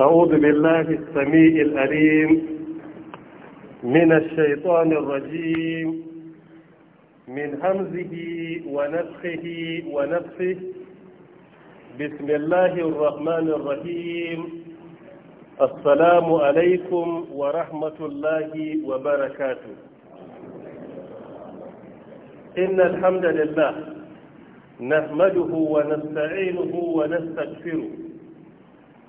أعوذ بالله السميع الأليم من الشيطان الرجيم من همزه ونفخه ونفخه بسم الله الرحمن الرحيم السلام عليكم ورحمة الله وبركاته إن الحمد لله نحمده ونستعينه ونستغفره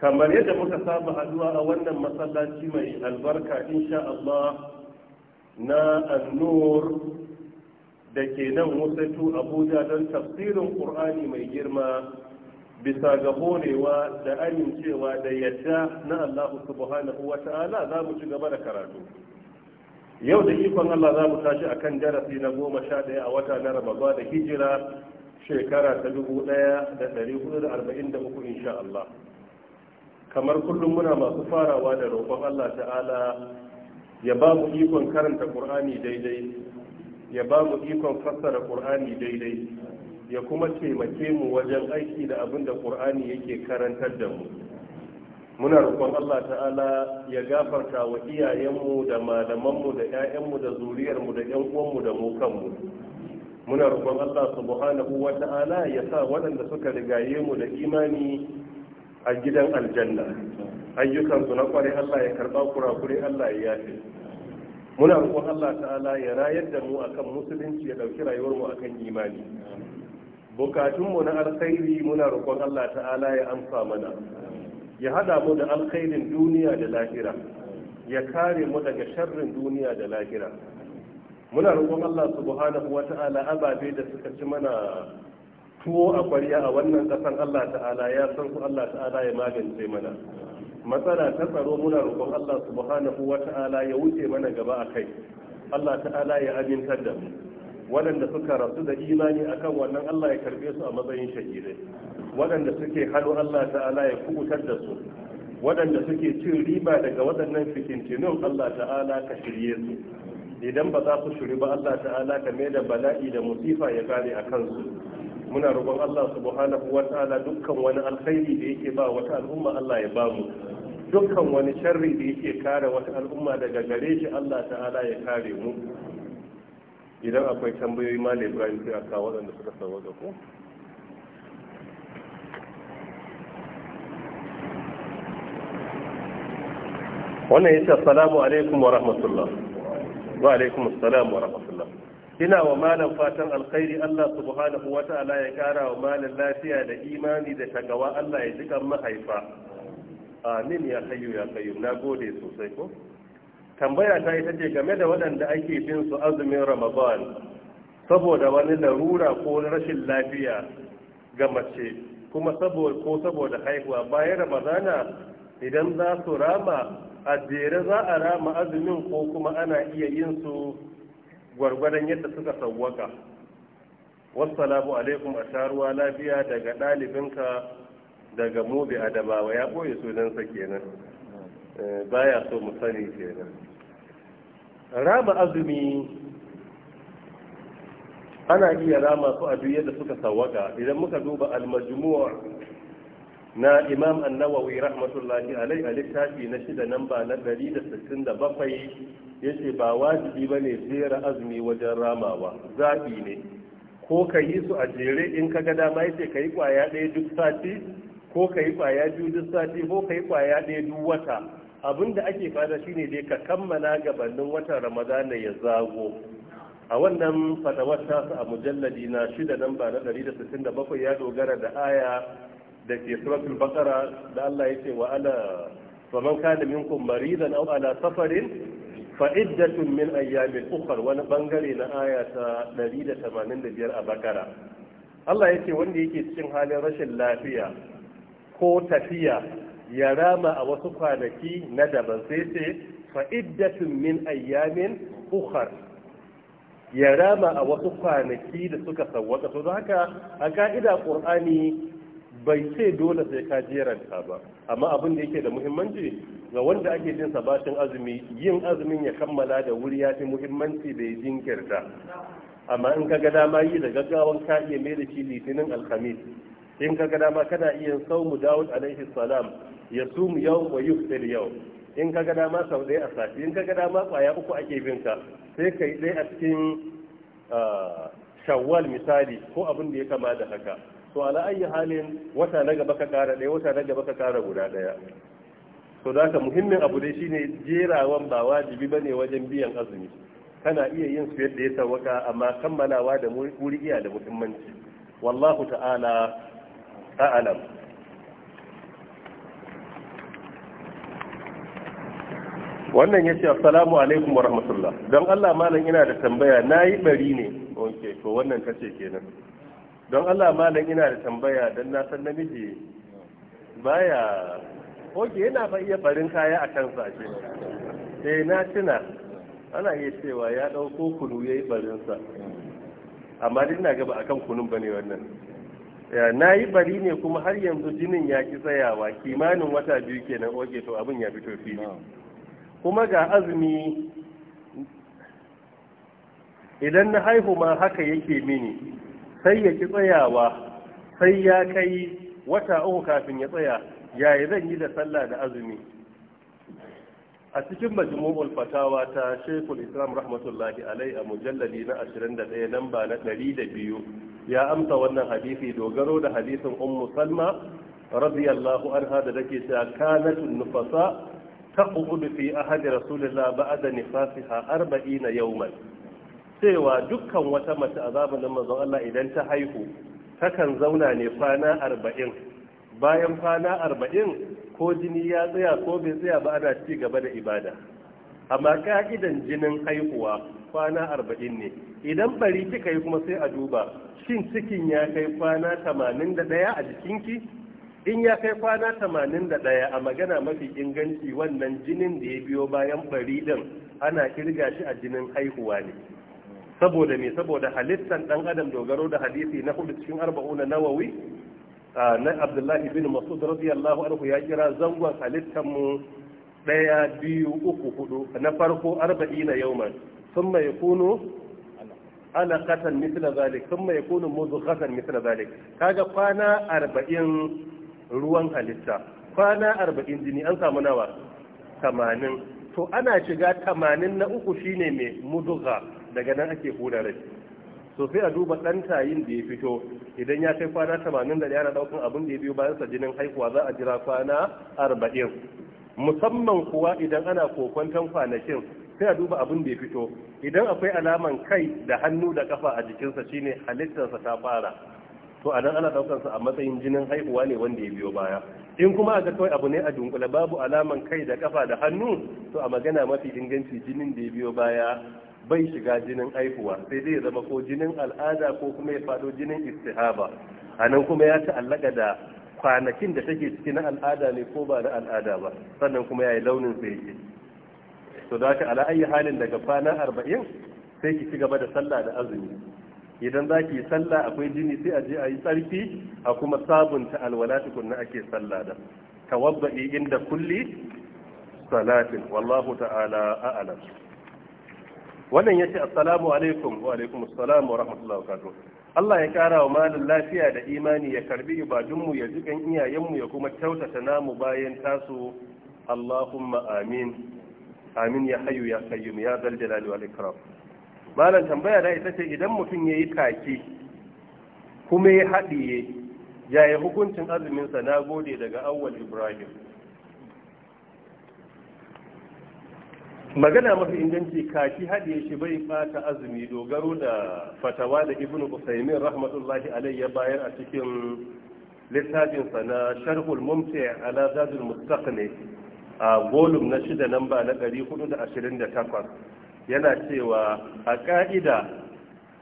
kamar yadda muka saba haduwa a wannan masallaci mai albarka insha Allah na annur da ke nan wasatu abuja don tafsirin ƙur'ani mai girma bisa ga horewa da amincewa da yadda na Allah subhanahu wa ta'ala za mu ci gaba da karatu yau da ikon Allah za mu tashi a kan darasi na goma sha ɗaya a wata na rababa da hijira shekara ta dubu ɗaya da ɗari hudu da arba'in da uku insha Allah kamar kullum muna masu farawa da roƙon Allah ta'ala ya ba mu ikon karanta ƙur'ani daidai ya ba mu ikon fassara ƙur'ani daidai ya kuma taimake mu wajen aiki da abin da ƙur'ani yake karantar da mu muna roƙon Allah ta'ala ya gafarta wa iyayenmu da malamanmu da 'ya'yanmu da zuriyarmu da 'yan uwanmu da mu kanmu muna roƙon Allah subhanahu wa ta'ala ya sa waɗanda suka rigaye mu da imani a gidan aljanna ayyukansu na kware Allah ya karba kurakure Allah ya yafe muna roƙon Allah ta'ala ya rayar da mu akan musulunci ya ɗauki rayuwar mu akan imani bukatunmu na alkhairi muna roƙon Allah ta'ala ya amsa mana ya hada mu da alkhairin duniya da lahira ya kare mu daga sharrin duniya da lahira muna roƙon Allah subhanahu wata'ala ababe da suka ci mana tuwo a kwariya a wannan ƙasan Allah ta'ala ya san ku Allah ta'ala ya magance mana matsala ta tsaro muna roƙon Allah subhanahu wa ta'ala ya wuce mana gaba a kai Allah ta'ala ya amintar da mu waɗanda suka rasu da imani akan wannan Allah ya karbe su a matsayin shahidai waɗanda suke hannu Allah ta'ala ya kubutar da su waɗanda suke cin riba daga waɗannan fitintinun Allah ta'ala ka shirye su idan ba za su shiri ba Allah ta'ala ka mai da bala'i da musifa ya kare a kansu muna roƙon Allah subhanahu wa ta'ala dukkan wani alkhairi da yake ba wata al'umma Allah ya bamu dukkan wani sharri da yake kare wata al'umma daga gare shi Allah ta'ala ya kare mu idan akwai tambayoyi ma Ibrahim sai aka kawo waɗanda suka sauwa ga ku wannan yace assalamu alaikum wa rahmatullah wa alaikum assalam wa rahmatullah ina wa malam fatan alkhairi Allah subhanahu wa ta'ala ya kara wa malam lafiya da imani da tagawa Allah ya jikan mahaifa amin ya hayyu ya qayyum na gode sosai ko tambaya ta ita ce game da waɗanda ake bin su azumin ramadan saboda wani larura ko rashin lafiya ga mace kuma saboda ko saboda haihuwa bayan ramadana idan za su rama a jere za a rama azumin ko kuma ana iya yin su gwargwadon yadda suka sawwaka wassalamu alaikum a taruwa lafiya daga ɗalibinka daga mobi adamawa ya ɓoye sunansa kenan eh, baya so mu sani kenan rama azumi ana iya rama su a duk yadda suka sawwaka idan muka duba almajmu'a na imam annawawi rahmatullahi alai a littafi na shida nan ba na 167 ya ce ba wajibi ba ne jera azumi wajen ramawa Zafi ne ko ka yi su a jere in ka ga dama ya ce ka yi ƙwaya ɗaya duk sati ko ka yi ƙwaya biyu duk sati ko ka yi ƙwaya ɗaya duk wata abin da ake fata ne dai ka kammala gabanin watan ramadana ya zago a wannan fatawar tasu a mujalladi na shida nan ba na 167 ya dogara da aya da ke suratul bakara da Allah ya ce wa ala wa man kana minkum maridan aw ala safarin fa iddatun min ayyamin ukhra wani bangare na aya ta 185 a bakara Allah ya ce wanda yake cikin halin rashin lafiya ko tafiya ya rama a wasu kwanaki na daban sai ce fa iddatun min ayyamin ukhra ya rama a wasu kwanaki da suka sawwaka to haka a ka'ida qur'ani bai ce dole sai ka jeranta ba amma abin da yake da muhimmanci ga wanda ake jin sabashin azumi yin azumin ya kammala da wuri ya fi muhimmanci da ya jinkirta amma in ka ga dama yi da gaggawan ka iya mai da shi litinin alhamis in ka ga dama kana iya mu dawud alaihi salam ya mu yau wa yuftir yau in ka ga dama sau ɗaya a sati in ka ga dama kwaya uku ake bin ka sai ka yi ɗaya a cikin ah, shawwal misali ko abin da ya kama da haka to ala ayi halin wata na gaba ka kara ɗaya wata na gaba ka kara guda ɗaya to da haka muhimmin abu dai shine jerawan ba wajibi ba ne wajen biyan azumi kana iya yin su yadda ya sawaka amma kammalawa da wuri iya da muhimmanci wallahu ta'ala a'lam wannan ya ce assalamu alaikum wa rahmatullah don allah malam ina da tambaya na yi bari ne ok to wannan kace kenan don Allah malam ina da tambaya don na san namiji baya oke yana fa iya barin kaya a kansa a eh na tuna ana iya cewa ya ɗauko kunu ya yi barinsa amma duk na gaba akan kunun ba ne wannan na yi bari ne kuma har yanzu jinin ya ki tsayawa kimanin wata biyu kenan oke to abin ya fito fili kuma ga azumi idan na haihu ma haka yake mini sai ya ki tsayawa sai ya kai wata uku kafin ya tsaya yaya zan yi da sallah da azumi a cikin majmu'ul fatawa ta Sheikhul Islam rahmatullahi alai a mujallali na 21 lamba na 102 ya amsa wannan hadisi dogaro da hadisin Ummu Salma radiyallahu anha da take cewa kanat nufasa taqudu fi ahadi rasulillah ba'da nifasiha 40 yawman cewa dukkan wata mace a zamanin manzon Allah idan ta haihu takan zauna ne kwana arba'in bayan kwana arba'in ko jini ya tsaya ko bai tsaya ba ana ci gaba da ibada amma ka'idan jinin haihuwa kwana arba'in ne idan bari kika yi kuma sai a duba shin cikin ya kai kwana tamanin da ɗaya a jikinki in ya kai kwana tamanin da ɗaya a magana mafi inganci wannan jinin da ya biyo bayan bari ɗin ana kirga shi a jinin haihuwa ne saboda me saboda halittan dan adam dogaro da hadisi na hudu cikin arba'u na nawawi na abdullahi bin masud radiyallahu anhu ya kira zangon halittar mu daya biyu uku hudu na farko na arba'ina yawman thumma yakunu alaqatan mithla zalik thumma yakunu mudghatan mithla zalik kaga kwana arba'in ruwan halitta kwana arba'in jini an samu nawa tamanin to ana shiga tamanin na uku shine mai mudugha daga nan ake huda da shi so sai a duba ɗan tayin da ya fito idan ya kai kwana tamanin da yana ɗaukan abin da ya biyo bayan sa jinin haihuwa za a jira kwana arba'in musamman kuwa idan ana kokwantan kwanakin sai a duba abin da ya fito idan akwai alaman kai da hannu da kafa a jikinsa shine halittarsa ta fara to anan ana daukan sa a matsayin jinin haihuwa ne wanda ya biyo baya in kuma a ga kawai abu ne a dunkule babu alaman kai da kafa da hannu to a magana mafi inganci jinin da ya biyo baya bai shiga jinin aihuwa sai dai ya zama ko jinin al'ada ko kuma ya faɗo jinin istihaba a nan kuma ya ta'allaka da kwanakin da take ciki na al'ada ne ko ba da al'ada ba sannan kuma ya yi launin sai yake to da haka ala ayi halin daga kwana arba'in sai ki ci gaba da sallah da azumi idan za ki yi sallah akwai jini sai a je a yi tsarki a kuma sabunta alwala tukunna ake sallah da tawabba'i inda kulli salatin wallahu ta'ala a'lam wannan ya ce assalamu alaikum wa alaikum assalam wa rahmatullahi wa barakatuh Allah ya kara wa malin lafiya da imani ya karbi ibadunmu ya jikan iyayenmu ya kuma kyautata namu bayan tasu Allahumma amin amin ya hayu ya qayyum ya zal jalali wal ikram malam tambaya da ita ce idan mutum yayi kaki kuma ya haɗiye yaya hukuncin azumin sa nagode daga awwal ibrahim magana mafi inganci kaki haɗiye shi bai bata azumi dogaro da fatawa da ibnu usaimin rahmatullahi alai bayan a cikin littafinsa na sharhul mumti ala zadul mustaqni a golum na shida namba na 428 yana cewa a ƙa'ida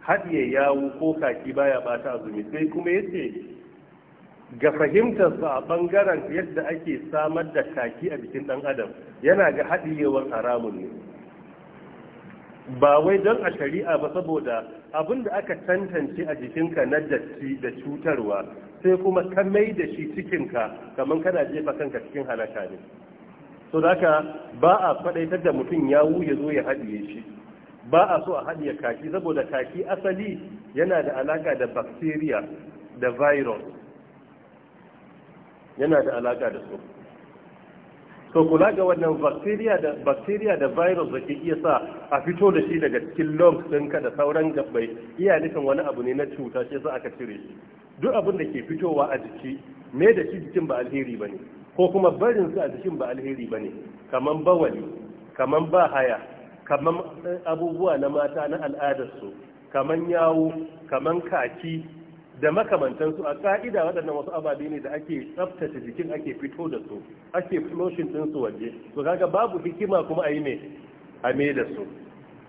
haɗiye yawo ko kaki baya ɓata azumi sai kuma yace ga fahimtarsa a ɓangaren yadda ake samar da kaki a jikin ɗan adam yana ga haɗiyewar haramun ne ba wai don a shari'a ba saboda abin da aka tantance a jikinka na datti da cutarwa sai kuma ka mai da shi cikinka kamar kana jefa kanka cikin halaka ne so da haka ba a faɗaitar da mutum ya wuya zo ya haɗiye shi ba a so a haɗiye kaki saboda kaki asali yana da alaka da bacteria da virus yana da alaka da su to kula ga wannan bacteria da bacteria da virus da ke iya sa a fito da shi daga cikin lungs ɗinka da sauran gabbai iya nufin wani abu ne na cuta shi yasa aka cire shi duk abin da ke fitowa a jiki me da shi jikin ba alheri bane ko kuma barin su a jikin ba alheri bane kaman bawali kaman ba haya kaman eh, abubuwa na mata na al'adarsu kaman yawo kaman kaki da makamantansu a ka'ida waɗannan wasu ababe ne da ake tsaftace jikin ake fito da su ake floshin ɗinsu waje to kaga babu hikima kuma a yi ne a me da su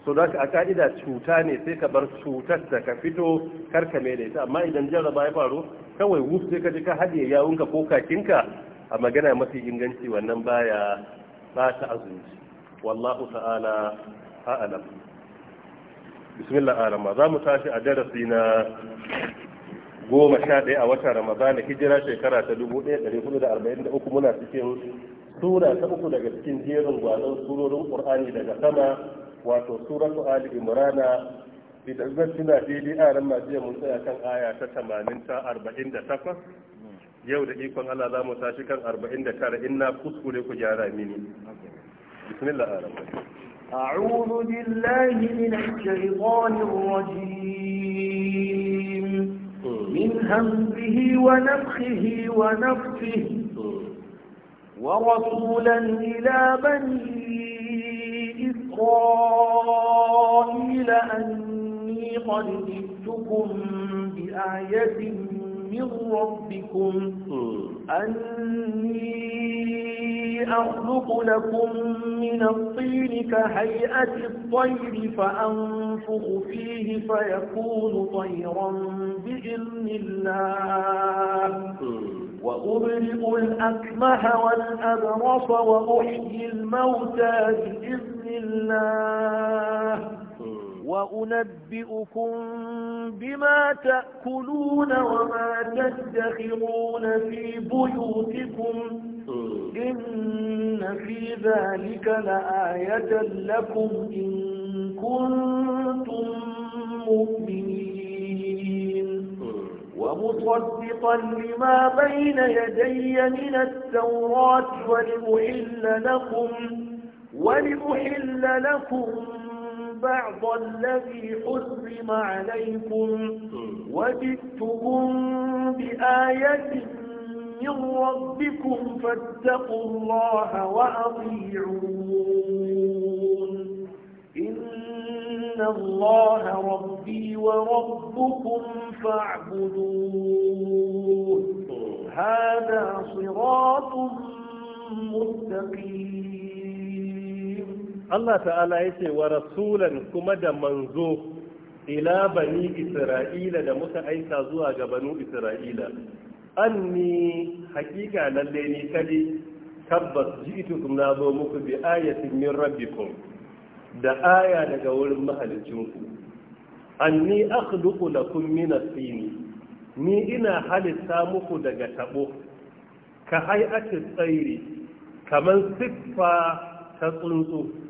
so da a ka'ida cuta ne sai ka bar cutar da ka fito kar ka me da ita amma idan jarraba ya faru kawai wuf sai ka ji ka haɗe yawunka ko kakinka a magana mafi inganci wannan baya ba ta azumi wallahu ta'ala a'lam bismillah arama za mu tashi a darasi na goma sha ɗaya a watan ramadana hijira shekara ta dubu ɗaya ɗari hudu da arba'in da uku muna cikin sura ta uku daga cikin jerin gwanon surorin ƙur'ani daga sama wato su ali imrana idan zan tuna daidai a ran majiya mun tsaya kan aya ta tamanin ta arba'in da takwas yau da ikon allah za mu tashi kan arba'in da tara in na kuskure ku gyara mini bismillah ar أعوذ بالله من الشيطان الرجيم من همزه ونفخه ونفسه ورسولا إلى بني إسرائيل أني قد جئتكم بآية من ربكم أني أخلق لكم من الطين كهيئة الطير فأنفخ فيه فيكون طيرا بإذن الله وأبرئ الأكمه والأبرص وأحيي الموتى بإذن الله وأنبئكم بما تأكلون وما تدخرون في بيوتكم إن في ذلك لآية لكم إن كنتم مؤمنين ومصدقا لما بين يدي من التوراة ولأحل لكم ولأحل لكم بعض الذي حرم عليكم وجدتكم بآية من ربكم فاتقوا الله وأطيعون إن الله ربي وربكم فاعبدوه هذا صراط مستقيم Allah ta'ala ya ce wa rasulan kuma da manzo ila bani isra'ila da muka aika zuwa ga banu isra'ila anni hakika lalle ni kadi tabbas ji'tukum na zo muku bi ayatin min rabbikum da aya daga wurin mahalicinku anni akhluqu lakum min at-tini ni ina halitta muku daga tabo ka hay'atit tsairi kaman siffa ta tsuntsu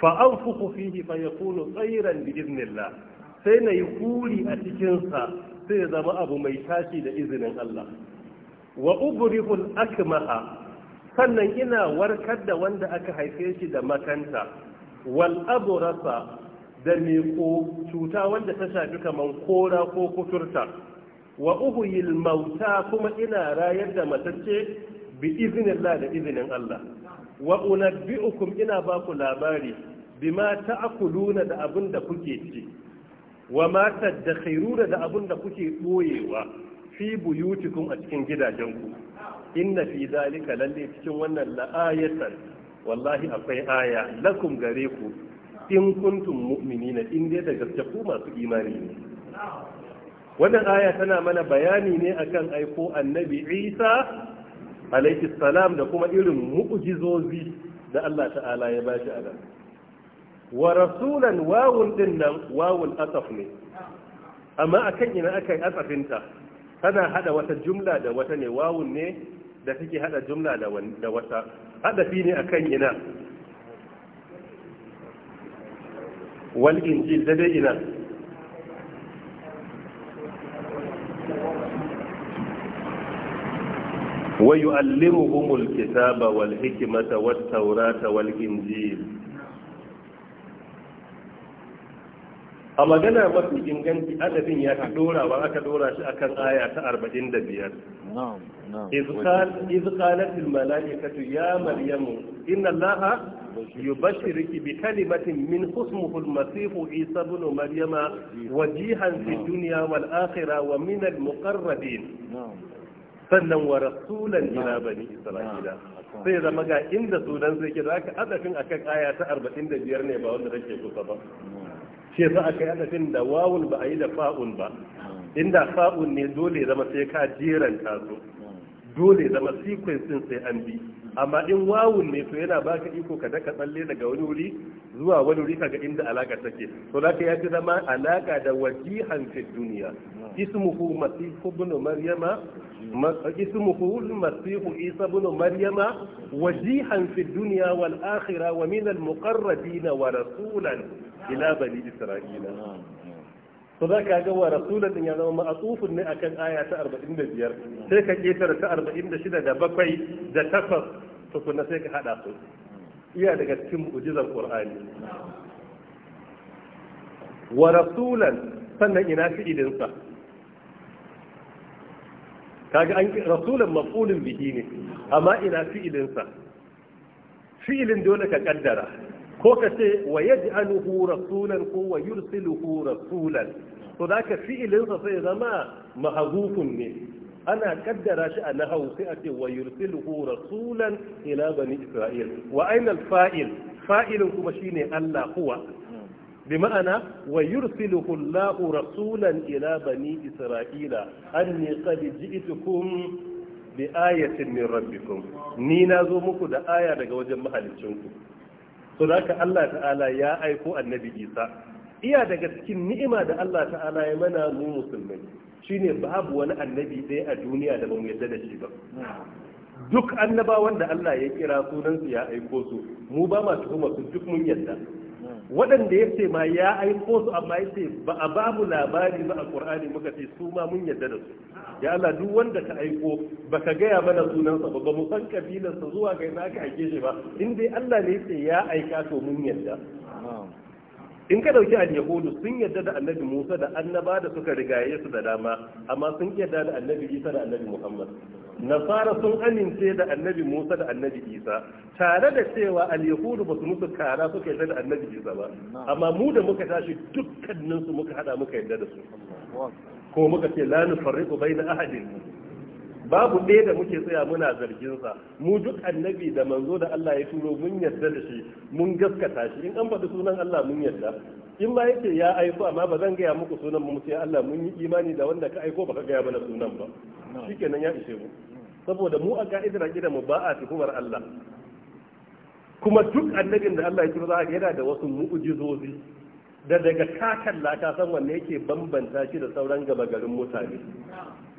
fa anfukhu fihi fa yakunu tsairan bi sai na yi huri a cikinsa sai ya zama abu mai tashi da izinin Allah wa ubrihul akmaha sannan ina warkar da wanda aka haife shi da makanta wal aburasa da mai ko cuta wanda ta shafi kamar kora ko kuturta wa uhuyil mauta kuma ina rayar da matacce bi iznillah da izinin Allah wa unabbi'ukum ina ba ku labari bima ta'kuluna da abin da kuke ci wa da tadakhiruna da abin da kuke boyewa fi buyutikum a cikin gidajenku inna fi zalika lalle cikin wannan la'ayatan wallahi akwai aya lakum gare ku in kuntum mu'minina in dai da gaske ku masu imani ne wannan aya tana mana bayani ne akan aiko annabi Isa alaihi salam da kuma irin mu'jizozi da Allah ta'ala ya bashi a nan wa rasulan wawun din nan wawun asaf ne amma akan ina aka yi asafinta tana hada wata jumla da wata ne wawun ne da take hada jumla da wata hadafi ne akan ina wal injil da dai ina ويعلمهم الكتاب والحكمة والتوراة والإنجيل a magana mafi inganci adadin ya ta dora wa aka dora shi akan aya ta biyar iz qalat malaikatu ya maryamu inna allaha yubashshiruki bi kalimatin min ismuhu al isa ibn maryama wajihan fi dunya wal akhirah wa min al muqarrabin sannan wa rasulan ila bani isra'ila sai zama ga inda sunan zai kira aka adafin akan aya ta 45 ne ba wanda take kusa ba shi yasa aka yi adafin da wawun ba a yi da fa'un ba inda fa'un ne dole zama sai ka jeranta su dole zama sequence sai an bi amma in wawun ne to yana baka iko ka daka tsalle daga wani wuri zuwa wani wuri kaga inda alaka take to laka ya fi zama alaka da wajihan fi duniya ismuhu masihu ibn maryama ismuhu masihu isa ibn maryama wajihan fi duniya wal akhirah wa min al muqarrabin wa rasulan ila bani isra'ila to za ka ga wa rasulun din ya zama ma'atufun ne akan aya ta 45 sai ka ketara ta 46 da bakwai da takwas tukuna sai ka hada su iya daga cikin mu'jizar qur'ani wa rasulan sannan ina fi'ilin sa kaga an rasulan maf'ulun bihi ne amma ina fi'ilin sa fi'ilin dole ka kaddara ko ka ce wa yaji anuhu rasulan ko wa yursiluhu rasulan to da ka fi'ilinsa sai zama mahagufun ne ana kaddara shi a nahawu sai a ce wa yursiluhu rasulan ila bani isra'il wa aina fa'il fa'ilin kuma shine Allah huwa ma'ana wa yursiluhu Allahu rasulan ila bani isra'ila anni qad ji'tukum bi ayatin min rabbikum ni nazo muku da aya daga wajen mahaliccinku so ka Allah ta'ala ya aiko annabi Isa iya daga cikin ni'ima da Allah ta'ala ya mana mu musulmi, shine babu wani annabi ɗaya a duniya da bamu yadda da shi ba duk annabawan da Allah ya kira sunan su ya aiko su mu ba ma tuhuma su duk mun yadda. waɗanda ya ce ma ya aiko su amma ya ce ba a ba mu labari ba a ƙur'ani muka ce su ma mun yadda da su ya Allah duk wanda ka aiko ba ka gaya mana sunansa ba ba mu san kabilarsa zuwa ga na ka aike shi ba in dai Allah ne ya ce ya aika to mun yadda in ka dauki al-yahudu sun yadda da annabi Musa da annaba da suka rigaye su da dama amma sun yadda da annabi Isa da annabi Muhammad nasara sun amince da annabi Musa da annabi Isa tare da cewa al-yahudu ba su musu kara suka yadda da annabi Isa ba amma mu da muka tashi dukkanin muka hada muka yadda da su ko muka ce la nufarriqu baina ahadin babu ɗaya da muke tsaya muna zargin sa mu duk annabi da manzo da Allah ya turo mun yarda da shi mun gaskata shi in an faɗi sunan Allah mun yarda in ma yake ya aiko amma ba zan gaya muku sunan mu sai Allah mun yi imani da wanda ka aiko baka gaya mana sunan ba shikenan ya ishe mu saboda mu a ka'idar mu ba a tuhumar Allah kuma duk annabin da Allah ya turo za yana da wasu mu'ujizozi da daga kakan laka san wanne yake bambanta shi da sauran gaba garin mutane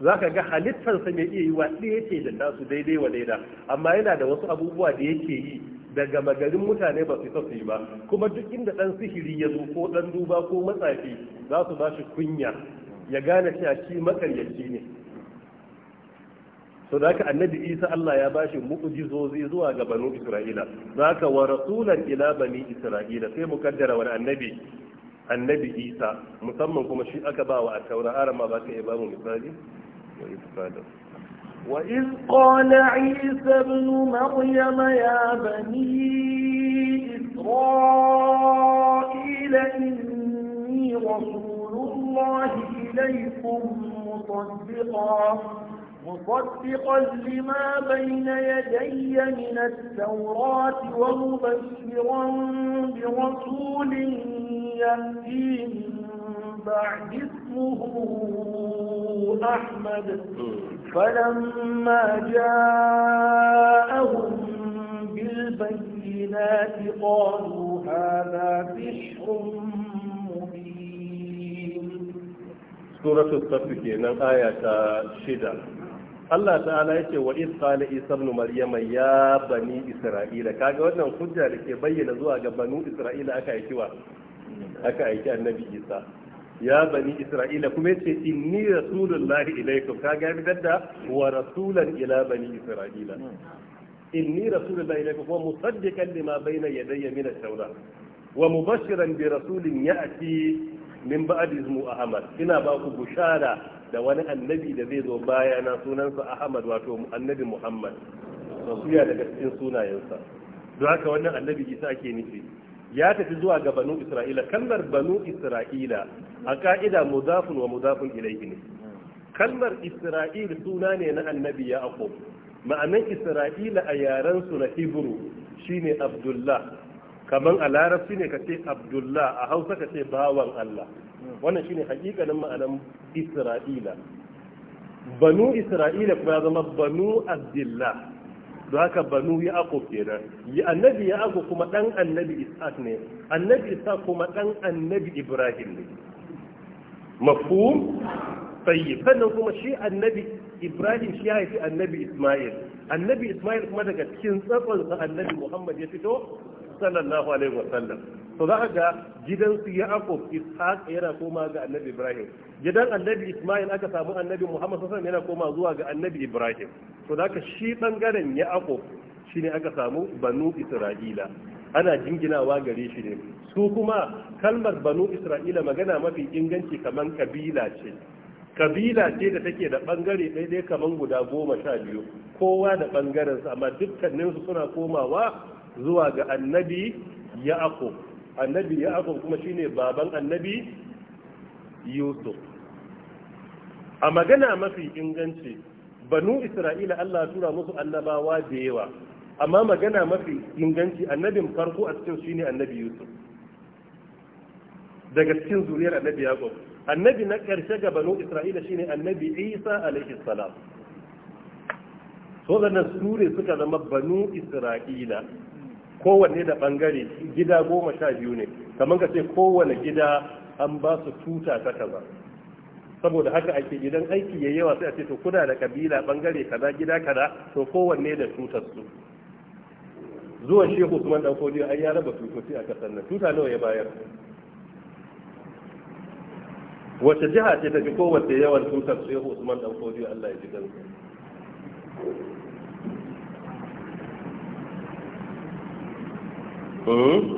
za ka ga halittarsa mai iya yi wa ɗaya ce da nasu daidai wa daida amma yana da wasu abubuwa da yake yi da gama garin mutane ba su su yi ba kuma duk inda ɗan sihiri ya zo ko ɗan duba ko matsafi za su ba shi kunya ya gane cewa shi makaryaci ne to da annabi isa allah ya bashi mu'ujizozi zuwa ga isra'ila za ka wa rasulan ila bani isra'ila sai mu kaddara wani annabi annabi isa musamman kuma shi aka ba wa a taura ma ba ka ba mu misali wa wa iz qala isa ibn maryam ya bani isra'ila inni rasulullahi ilaykum مصدقا مصدقا لما بين يدي من التوراة ومبشرا برسول يأتي من بعد اسمه أحمد فلما جاءهم بالبينات قالوا هذا بشر مبين سورة التفكير الآية آية شدة Allah ta'ala yake wa iz qala isa ibn maryama ya bani isra'ila kaga wannan hujja da ke bayyana zuwa ga banu isra'ila aka aiki wa aka aiki annabi isa ya bani isra'ila kuma yace inni rasulullahi ilaykum kaga ya fitar da wa rasulan ila bani isra'ila inni rasulullahi ilaykum wa musaddiqan lima bayna yadayya min at-taurat wa mubashiran bi rasulin ya'ti min ba'di ismu ahmad ina ba ku bushara da wani annabi da zai zo baya na sunansa ahmad wato annabi muhammad to suya daga cikin sunayensa don haka wannan annabi isa ake nufi ya tafi zuwa ga banu isra'ila kalmar banu isra'ila a ka'ida mudafun wa mudafun ilaihi ne kalmar isra'il suna ne na annabi yaqub ma'anan isra'ila a yaren su na hebrew shine abdullah kamar a larabci ne kace abdullah a hausa kace bawan allah wannan shine hakikanin ma'anan isra'ila banu isra'ila kuma ya zama banu abdullah don haka banu ya ako kenan annabi ya ako kuma dan annabi isaac ne annabi isaac kuma dan annabi ibrahim ne mafhum tayyib sannan kuma shi annabi ibrahim shi ya haifi annabi isma'il annabi isma'il kuma daga cikin tsatsonsa annabi muhammad ya fito sallallahu alaihi wasallam to za ga gidansu ya akub ishaq yana koma ga annabi ibrahim gidan annabi isma'il aka samu annabi muhammad sallallahu yana koma zuwa ga annabi ibrahim to da shi bangaren ya shi shine aka samu banu isra'ila ana jinginawa gare shi ne su kuma kalmar banu isra'ila magana mafi inganci kaman kabila ce kabila ce da take da bangare dai kaman guda goma sha biyu kowa da ɓangarensa amma dukkaninsu suna komawa zuwa ga annabi ya'aqub annabi ya aka kuma shine baban annabi yusuf a magana mafi inganci banu isra'ila allah tura musu annabawa da yawa amma magana mafi inganci annabin farko a cikin shine annabi yusuf daga cikin zuriyar annabi yaqub annabi na karshe ga banu isra'ila shine annabi isa alaihi salam so sure suka zama banu isra'ila kowanne da bangare gida goma sha biyu ne kamar ka ce kowane gida an ba su tuta ta kaza saboda haka ake gidan aiki ya yawa sai a ce to kuna da kabila bangare kaza gida kaza to kowanne da tutar su zuwan shehu usman dan kodi an ya raba tutoci a kasar nan tuta nawa ya bayar wace jiha ce ta fi kowace yawan tutar shehu usman dan kodi Allah ya ji gansu. Hmm?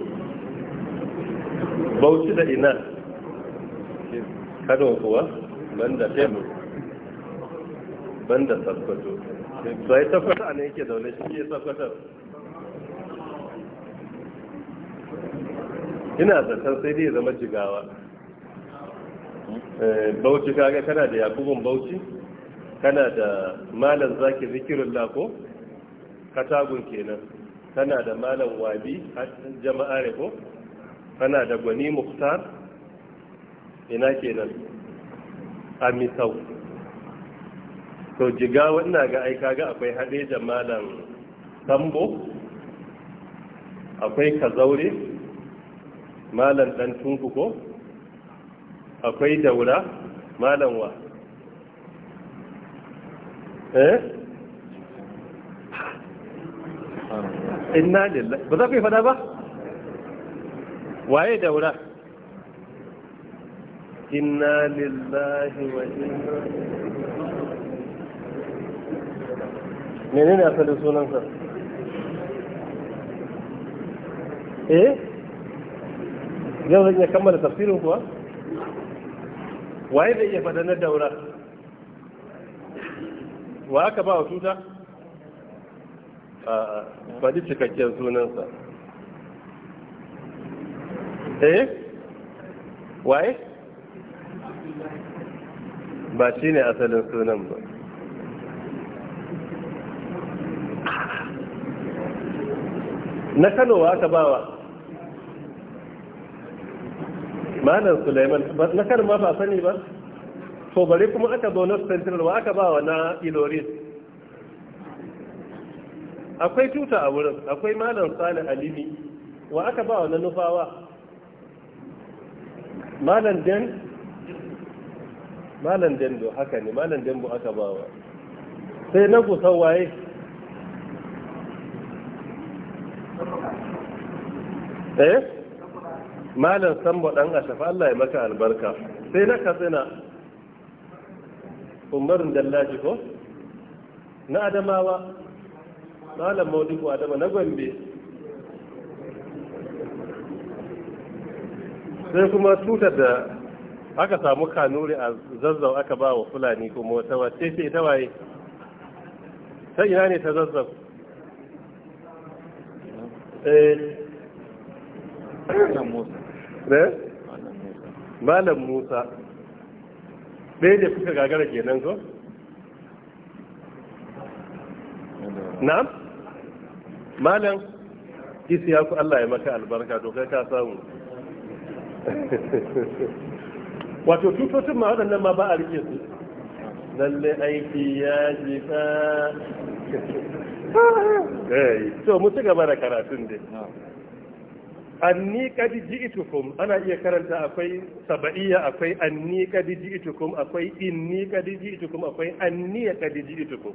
bauchi da ina kano kuwa banda temu banda tabbato sai tabbata ne yake daune shi yi tabbatar ina zaton sai dai zama jigawa eh, bauchi kaga kana da yakubun bauchi kana da malam zaki zikirin lako katagun kenan tana da malam wabi jama'a ne ko kana da gwani muktar ina kenan a misau to jigawa ina ga aika ga akwai haɗe malam sambo akwai kazaure malam ɗan tunku ko akwai daura malam wa eh inna lillahi ba za ku yi fada ba waye daura inna lillahi wa inna menene asalin sunansa eh yau zan iya kammala tafsirin kuwa waye da iya fada na daura wa aka ba wa tuta faɗi cikakken sunansa eh waye ba shi ne asalin sunan ba na kano wa aka bawa malam suleiman na kano ma ba sani ba to bari kuma aka zo na central wa aka bawa na Ilorin. akwai tuta a wurin akwai malam salih alimi wa aka ba wa na nufawa malam den malam do haka ne malam bu aka ba wa sai na kusan waye eh malam sambo dan ashafa Allah ya maka albarka sai na katsina umarin dallaji ko na adamawa malam mauliku adama na gombe sai kuma tutar da aka samu kanuri a zazzau aka ba wa fulani kuma wata wace ce ta waye ta ina ne ta zazzau eh. eh? malam musa ɗaya da kuka gagara kenan ko? na'am malam kisi ya ku Allah ya maka albarka to kai ka samu wato tutocin ma waɗannan ma ba a rike su lalle aiki ya jifa to mu ci gaba da karatun dai anni kadi ji'tukum ana iya karanta akwai saba'iya akwai anni kadi ji'tukum akwai inni kadi ji'tukum akwai anni kadi ji'tukum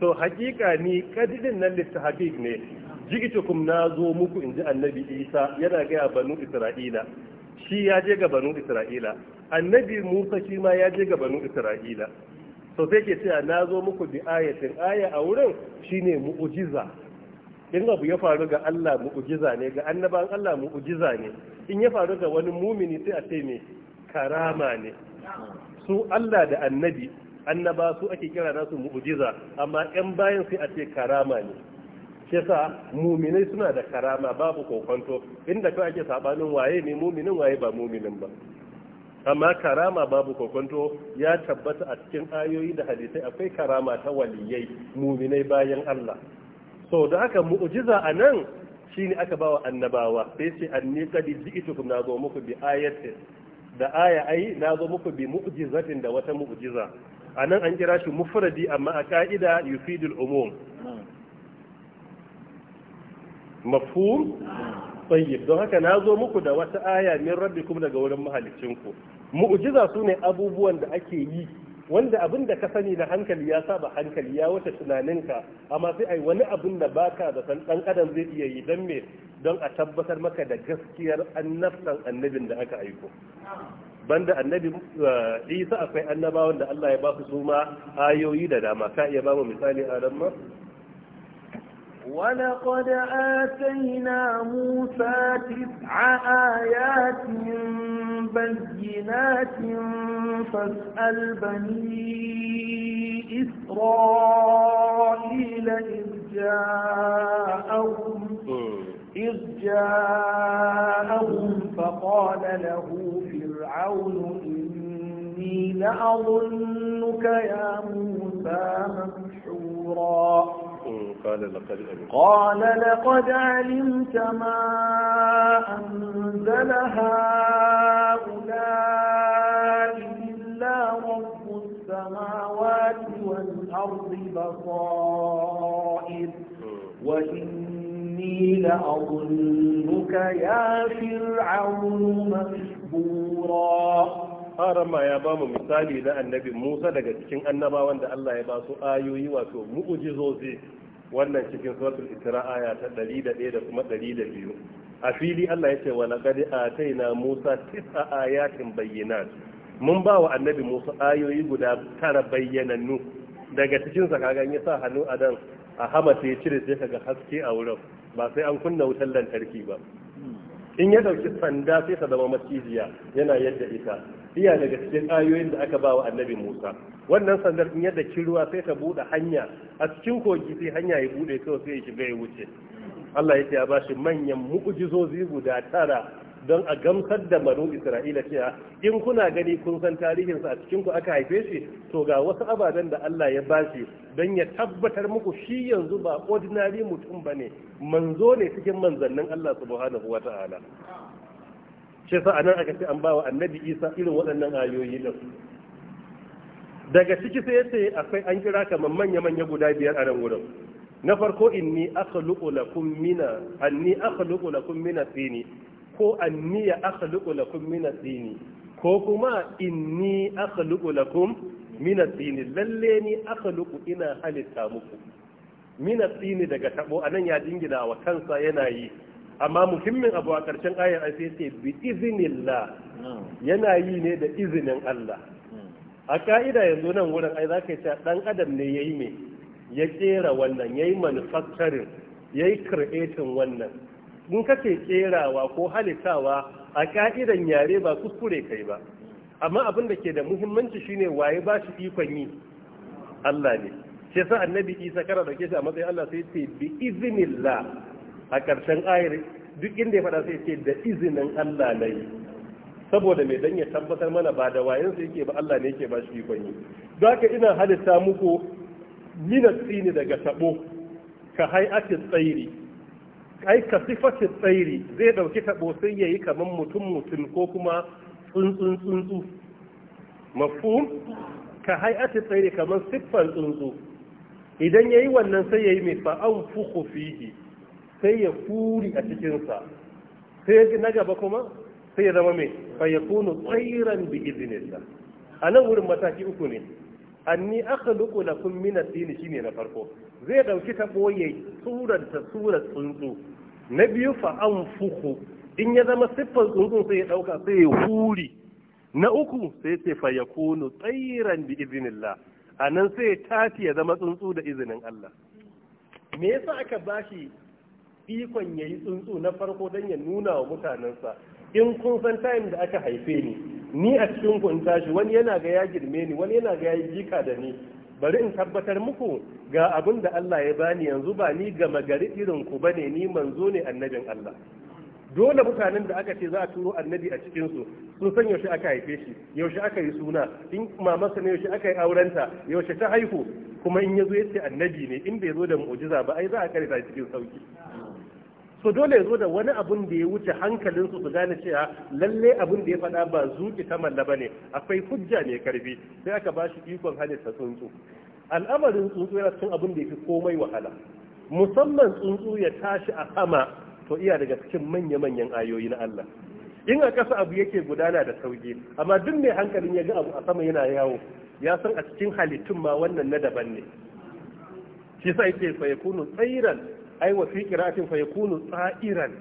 to hakika ni kadidin nan littahqiq ne na zo muku inji annabi Isa yana ga banu Isra'ila shi ya je ga banu Isra'ila annabi Musa shi ma ya je ga banu Isra'ila to sai ke cewa nazo muku bi ayatin aya a wurin shine mu'jiza in abu ya faru ga Allah mu'jiza ne ga annaban Allah mu'jiza ne in ya faru ga wani mumini sai a ce me karama ne su Allah da annabi annaba su ake kira nasu mu'jiza amma yan bayan sai a ce karama ne shi sa muminai suna da karama babu kokonto inda kawai ake sabanin waye ne muminin waye ba muminin ba amma karama babu kokonto ya tabbata a cikin ayoyi da hadisai akwai karama ta waliyai muminai bayan Allah so da aka mu'jiza a nan shine aka bawa annabawa sai ce anni kadi ji'tukum na zo muku bi ayatin da aya ai na zo muku bi mu'jizatin da wata mu'jiza a nan an kira shi mufradi amma a ka'ida yufidul umum mafhum tayyib don haka na zo muku da wata aya min rabbikum daga wurin ku mu'jiza sune abubuwan da ake yi wanda abin da ka sani da hankali ya saba hankali ya wuce tunaninka amma sai ai wani abin da baka da san dan adam zai iya yi dan me don a tabbatar maka da gaskiyar annabtan annabin da aka aiko banda annabi eh, isa akwai annabawan da Allah ya ba su suma ayoyi da dama ka iya ba mu misali a musa ma ولقد آتينا موسى تسع آيات بينات فاسأل بني إسرائيل إذ جاءهم hmm. إذ جاءهم فقال له فرعون إني لأظنك يا موسى مسحورا قال لقد علمت قال لقد علمت ما أنزل هؤلاء إلا رب السماوات والأرض بصائر وإن إني لأظنك يا فرعون مسبورا haram ya ba mu misali na annabi Musa daga cikin annabawan da Allah ya ba su ayoyi wato mu'ujizozi wannan cikin suratul Isra aya ta 101 da kuma 102 a fili Allah ya ce wa laqad ataina Musa tis'a ayatin bayyinat mun ba wa annabi Musa ayoyi guda tara bayyanannu daga cikin sa kaga ya sa hannu a dan a hama ya cire sai kaga haske a wurin ba sai an kunna wutar lantarki ba in ya dauki sanda sai ta zama macijiya yana yadda ita iya daga cikin ayoyin da aka ba wa annabi musa wannan sandar in yadda ruwa sai ta buɗe hanya a cikin kogi sai hanya ya buɗe kawai sai ya shiga ya wuce Allah ya ce ya bashi manyan mu'ujizozi guda tara don a gamsar da maru isra'ila cewa in kuna gani kun san tarihinsa a cikinku aka haife shi to ga wasu ababen da Allah ya bashi don ya tabbatar muku shi yanzu ba ordinary mutum ba ne, manzo ne cikin manzannin Allah subhanahu ta'ala shi sa anan aka ce an bawa annabi Isa irin waɗannan ayoyi su daga ciki sai yace akwai an kira kamar manya manya guda biyar a nan wurin na farko inni akhluqu lakum mina anni akhluqu lakum mina tini ko anniya akhluqu lakum min at ko kuma inni akhluqu lakum min at lalle ni akhluqu ina halitta muku min Sini daga tabo anan ya dingina wa kansa yana yi amma muhimmin abu a ƙarshen ayar ai sai ce bi iznillah yana yi ne da izinin Allah a ka'ida yanzu nan wurin ai zaka ce dan adam ne yayi me ya kera wannan yayi manufacturing yayi creating wannan in ka ke kerawa ko halittawa a ka'idan yare ba kuskure kai ba amma abin da ke da muhimmanci shine waye ba shi ikon yi Allah ne shi yasa annabi Isa kara da shi a matsayin Allah sai ce bi iznillah a karshen ayar duk inda ya faɗa sai ce da izinin Allah na yi saboda mai dan ya tabbatar mana ba da wayansa yake ba Allah ne yake ba shi ikon yi don haka ina halitta muku minatsi tsini daga sabo ka hai tsairi ai ka tsairi zai ɗauki taɓo ya yi kamar mutum mutum ko kuma tsuntsun tsuntsu mafhum ka hay'ati tsairi kamar siffan tsuntsu idan ya yi wannan sai ya yi mai fa'an fuku fihi sai ya furi a cikinsa sai na gaba kuma sai ya zama mai fayakunu tsairan bi izinillah a nan wurin mataki uku ne anni akhluqu lakum min at dini shine na farko zai ɗauki ta ya suranta surar tsuntsu na biyu fa an fuku in ya zama siffar tsuntsun sai ya ɗauka sai ya huri na uku sai ce fa ya kunu tsairan bi izinillah a nan sai ya tafi ya zama tsuntsu da izinin Allah me yasa aka bashi ikon yayi tsuntsu na farko don ya nuna wa mutanensa in kun san tayin da aka haife ni ni a cikin kun tashi wani yana ga ya girme ni wani yana ga ya jika da ni bari in tabbatar muku ga abin da Allah ya bani yanzu ba ni gama gari irin ku ne, ni manzo ne annabin Allah dole mutanen da aka ce za a turo annabi a cikinsu sun san yaushe aka haife shi yaushe aka yi suna in mamarsa ne yaushe aka yi aurenta yaushe ta haihu kuma in ya zo ya ce annabi ne in bai zo da mu'jiza ba ai za a karita cikin sauki so dole ya zo da wani abun da ya wuce hankalinsu su gane cewa lalle abun da ya faɗa ba zuki ta malla bane akwai hujja mai karfi sai aka ba shi ikon halitta tsuntsu al'amarin tsuntsu yana cikin abun da ya fi komai wahala musamman tsuntsu ya tashi a sama to iya daga cikin manya-manyan ayoyi na Allah in a kasa abu yake gudana da sauki amma duk mai hankalin ya ga abu a sama yana yawo ya san a cikin halittun ma wannan na daban ne shi sa yake fa yakunu tsairan ai wa fi qira'atin fa yakunu tsa'iran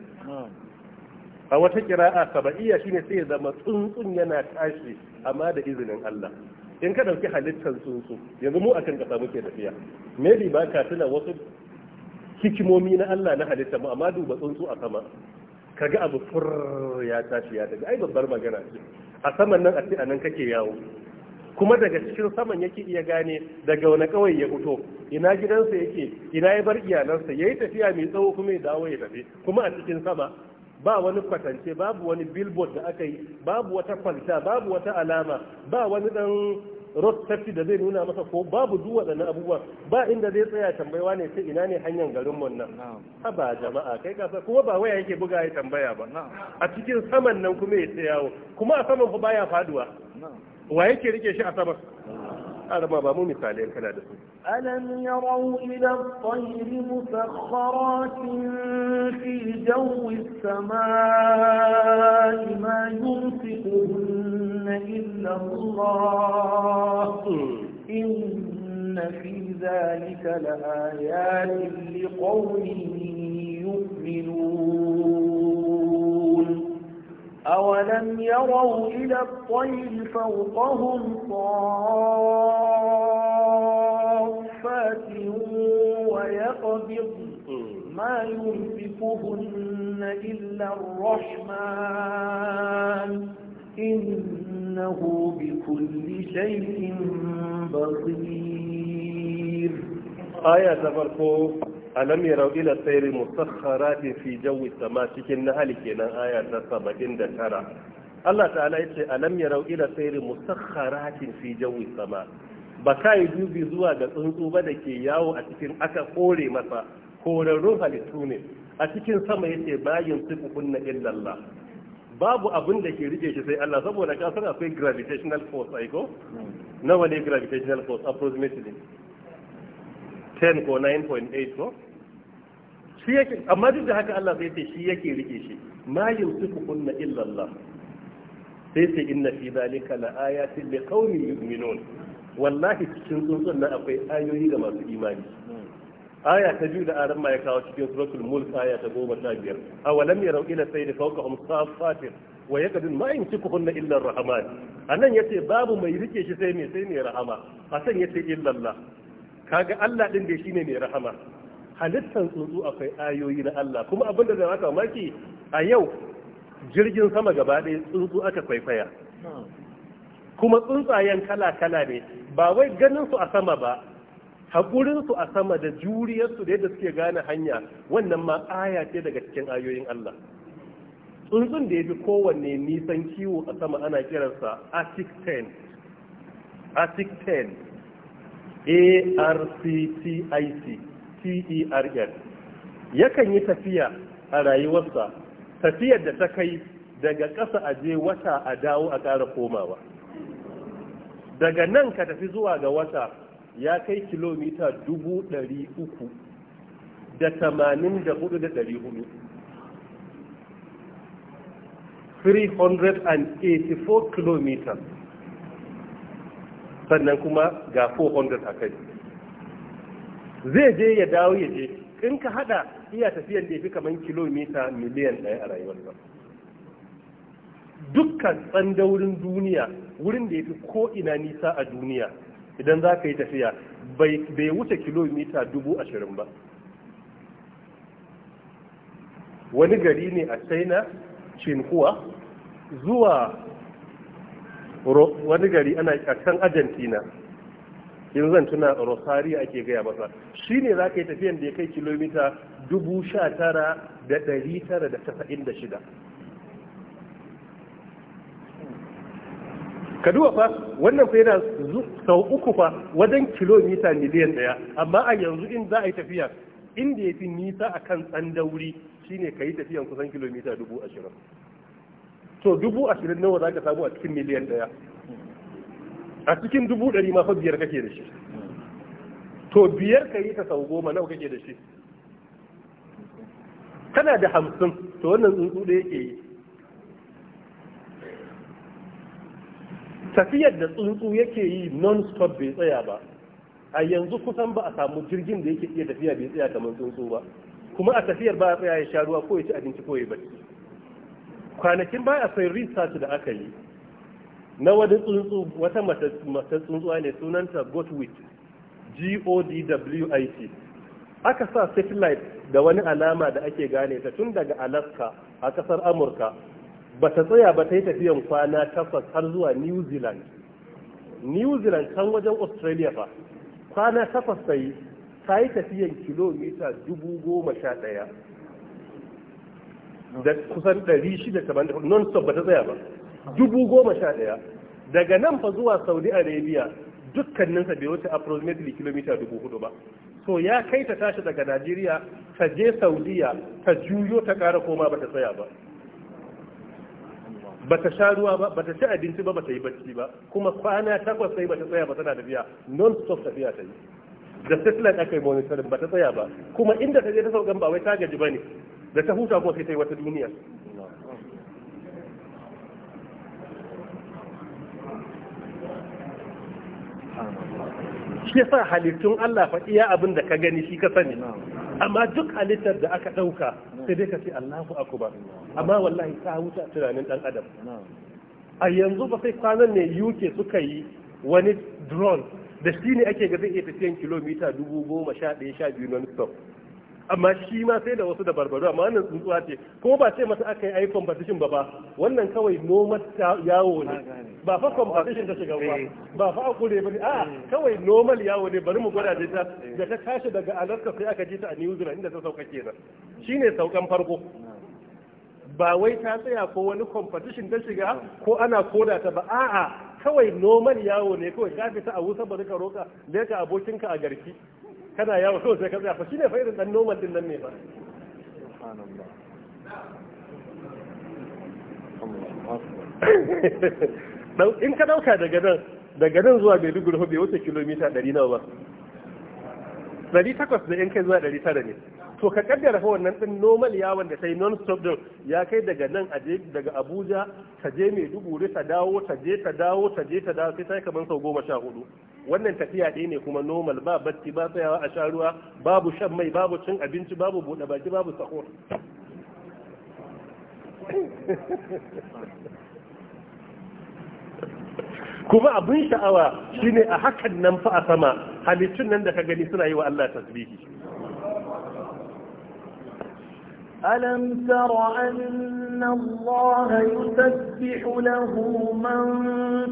a wata qira'a saba'iyya shine sai ya zama tsuntsun yana tashi amma da izinin Allah in ka dauki halittar tsuntsu yanzu mu akan kasa muke tafiya maybe ba ka tuna wasu hikimomi na Allah na halitta mu amma duba tsuntsu a sama kaga abu fur ya tashi ya tafi ai babbar magana ce a saman nan a ce anan kake yawo kuma daga cikin saman yake iya gane daga wani kawai ya fito ina gidansa yake ina ya bar iyalansa Ya yi tafiya mai tsawo kuma ya dawo ya tafi kuma a cikin sama ba wani kwatance babu wani billboard da aka yi babu wata kwalta babu wata alama ba wani dan road safety da zai nuna masa ko babu duk waɗannan abubuwa ba inda zai tsaya tambayawa ne sai ina ne hanyar garin mun nan ba jama'a kai kasa kuma ba waya yake buga ya tambaya ba a cikin saman nan kuma ya tsayawo kuma a saman ku baya faduwa wa yake rike shi asabar araba ba mu misali in kana da su alam yarau ila at-tayr musakhkharatin fi jawi as-samaa'i ma yumsikuhunna illa Allah inna fi dhalika la ayatin liqawmin yu'minun أولم يروا إلى الطير فوقهم صافات ويقبض ما يمسكهن إلا الرحمن إنه بكل شيء بصير آية تفرقوا alam yarau ila tsairi musakharatin fi jawi sama cikin hali kenan aya ta 79 Allah ta'ala yace alam yarau ila tsairi musakharatin fi jawi sama ba kai dubi zuwa ga tsuntsu ba da ke yawo a cikin aka kore masa korarrun halittu ne a cikin sama yace bayin sifukunna illallah babu abin da ke rike shi sai Allah saboda ka san akwai gravitational force ai ko nawa ne gravitational force approximately 10 ko 9.8 ko shi yake amma duk da haka Allah sai ce shi yake rike shi ma yusufu kunna illa Allah sai ce inna fi zalika la ayatin li qaumin yu'minun wallahi cikin tsuntsun nan akwai ayoyi ga masu imani aya ta biyu da aran ma ya kawo cikin suratul mulk aya ta goma sha biyar awalam yarau ila sayri fawqahum safatin wa yaqdun ma yumsikuhunna illa ar-rahman anan yace babu mai rike shi sai me sai me rahama asan yace illa Allah kaga Allah din da shine mai rahama halittar tsuntsu akwai ayoyi na Allah kuma abin da zai maka maki a yau jirgin sama gaba ɗaya tsuntsu aka kwaikwaya kuma tsuntsayen kala-kala ne ba wai ganin su a sama ba haƙurinsu a sama da juriyarsu da yadda suke gane hanya wannan ma aya ce daga cikin ayoyin Allah tsuntsun da ya fi kowanne nisan kiwo a sama ana kiransa arctic ten arctic ten arctic TERL yakan yi tafiya a rayuwarsa tafiyar da ta kai daga ƙasa a je wata a dawo a ƙara komawa daga nan ka tafi zuwa ga wata ya kai kilomita dubu ɗari uku da tamanin da hudu da ɗari hudu 384 kilometers sannan kuma ga 400 a kai zai je ya dawo ya je in ka hada iya tafiyan da ya fi kamar kilomita miliyan ɗaya a rayuwarsa dukkan tsandaurin duniya wurin da ya fi ko ina nisa a duniya idan za ka yi tafiya bai wuce kilomita dubu ashirin ba wani gari ne a china cinkuwa zuwa wani gari ana a kan argentina yanzu zan tuna rosari ake gaya masa shi ne za ka yi tafiyan da ya kai kilomita dubu sha tara da ka duwa fa wannan fa yana sau uku fa wajen kilomita miliyan ɗaya amma a yanzu in za a yi tafiya inda ya fi nisa a kan tsandauri shi ne ka yi tafiyan kusan kilomita dubu ashirin to dubu ashirin nawa za ka samu a cikin miliyan ɗaya a cikin dubu ɗari ma fa biyar kake da shi to biyar ka yi ta sau goma nawa kake da shi kana da hamsin to wannan tsuntsu da yake yi tafiyar da tsuntsu yake yi non-stop bai tsaya ba a yanzu kusan ba a samu jirgin da yake iya tafiya bai tsaya kamar tsuntsu ba kuma a tafiyar ba a tsaya ya sha ruwa ko ya ci abinci ko ya bacci kwanakin baya sai risa da aka yi na wani tsuntsu wata mata tsuntsuwa ne sunanta godwit g-o-d-w-i-t aka sa satellite da wani alama da ake gane ta tun daga alaska a kasar amurka ba ta tsaya ba ta yi tafiyan kwana takwas har zuwa new zealand new zealand can wajen australia ba kwana takwas ta yi ta yi tafiyan kilomita dubu goma sha ɗaya da kusan 600 non stop ba ta tsaya ba dubu goma sha ɗaya daga nan fa zuwa saudi arabia dukkaninsa bai wuce approximately kilomita dubu hudu ba so ya kai ta tashi daga najeriya ta je saudiya ta juyo ta kara koma ba ta tsaya ba ba ta sha ruwa ba ba ta ci abinci ba ba ta yi bacci ba kuma kwana takwas sai ba ta tsaya ba tana tafiya non stop tafiya ta yi da satellite aka yi monitoring ba ta tsaya ba kuma inda ta je ta saukan ba wai ta gaji ba ne da ta huta ko sai ta yi wata duniya shi sa halittun Allah faɗi ya abin da ka gani shi ka sani amma duk halittar da aka ɗauka sai dai ka ce Allahu akbar amma wallahi ta wuce tunanin ɗan adam a yanzu ba sai kwanan ne UK suka yi wani drone da shi ne ake ga zai iya tafiyan kilomita dubu goma sha ɗaya sha biyu non stop amma shi ma sai da wasu da barbaru amma wannan tsuntsuwa ce ko ba ce masa aka yi ai competition ba ba wannan kawai noman yawo ne ba fa competition ta shiga ba eh. ba fa akure ba a ah, eh. kawai normal yawo ne bari mu gwada da eh. ta da ta tashi daga Alaska sai aka ji ta a New Zealand inda ta sauka kenan shine saukan farko ba wai ta tsaya ko wani competition ta shiga ko ana koda ta ba a'a kawai normal yawo ne kawai ka fita a wusa bari ka roka leka abokinka a garki kana yawo kawai sai ka tsaya fa ne fa irin dan normal din nan ne ba in ka dauka daga nan daga nan zuwa Maiduguri bai wuce kilomita 100 nawa ba 800 da in kai zuwa 900 ne to ka kaddara fa wannan din normal yawon da ta yi non stop din ya kai daga nan daga abuja ta je mai duguri ta dawo ta je ta dawo ta je ta dawo sai ta yi sau goma sha hudu wannan tafiya ɗaya ne kuma normal ba bacci ba tsayawa a sha babu shan mai babu cin abinci babu buɗe baki babu sako. kuma abin sha'awa shine a hakan nan fa a sama halittun nan da ka gani suna yi wa Allah tasbihi ألم تر أن الله يسبح له من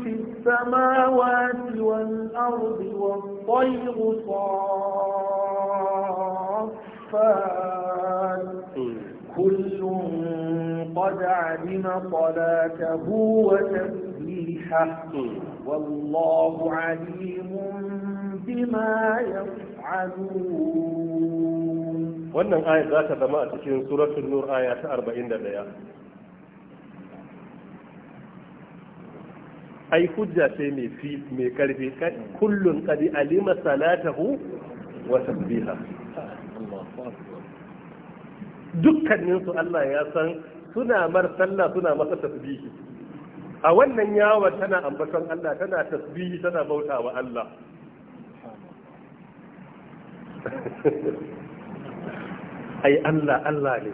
في السماوات والأرض والطير صافات كل قد علم صلاته وتسبيحه والله عليم بما يفعلون wannan ayat za ta zama a cikin suratul nur aya ta 41 ai hujja sai mai fi mai karfi kullun qadi alima salatahu wa tasbiha dukkanin su Allah ya san suna mar sallah suna masa tasbihi a wannan yawon tana ambaton Allah tana tasbihi tana bautawa Allah ai Allah Allah ne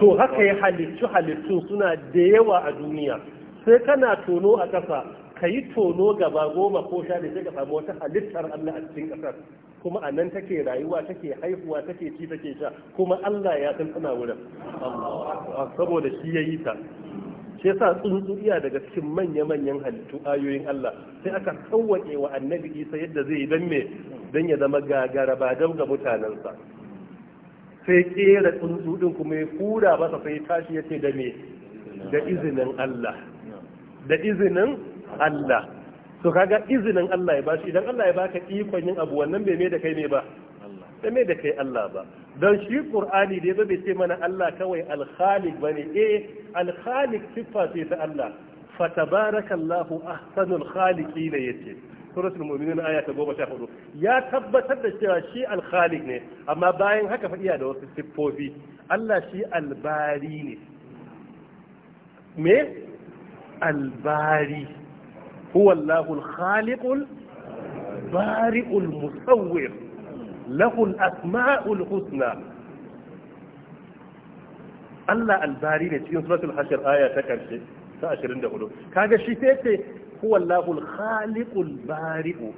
to haka ya halittu halittu suna da yawa a duniya sai kana tono a ƙasa ka yi tono gaba goma ko sha da sai ka samu wata halittar Allah a cikin ƙasar kuma a nan take rayuwa take haihuwa take ci take sha kuma Allah ya san tana wurin saboda shi ya yi ta shi yasa tsuntsuriya daga cikin manya-manyan halittu ayoyin Allah sai aka sauwaƙe wa annabi Isa yadda zai yi dan me dan ya zama gagara ba ga mutanensa sai kera tsuntsu din kuma ya kura masa sai tashi ya ce da me da izinin Allah da izinin Allah to kaga izinin Allah ya bashi idan Allah ya baka ikon yin abu wannan bai mai da kai ne ba bai mai da kai Allah ba don shi Qur'ani da bai ce mana Allah kawai al-Khaliq bane eh al-Khaliq siffa ce ta Allah fatabarakallahu ahsanul khaliqin yace suratul mu'minun aya ta goma sha hudu ya tabbatar da cewa shi alkhaliq ne amma bayan haka fa iya da wasu siffofi Allah shi albari ne me albari huwa Allahul khaliqul bari'ul musawwir lahul asma'ul husna Allah albari ne cikin suratul hashir aya ta karshe ta 24 kaga shi sai ce huwa Allahul khaliqul bari'u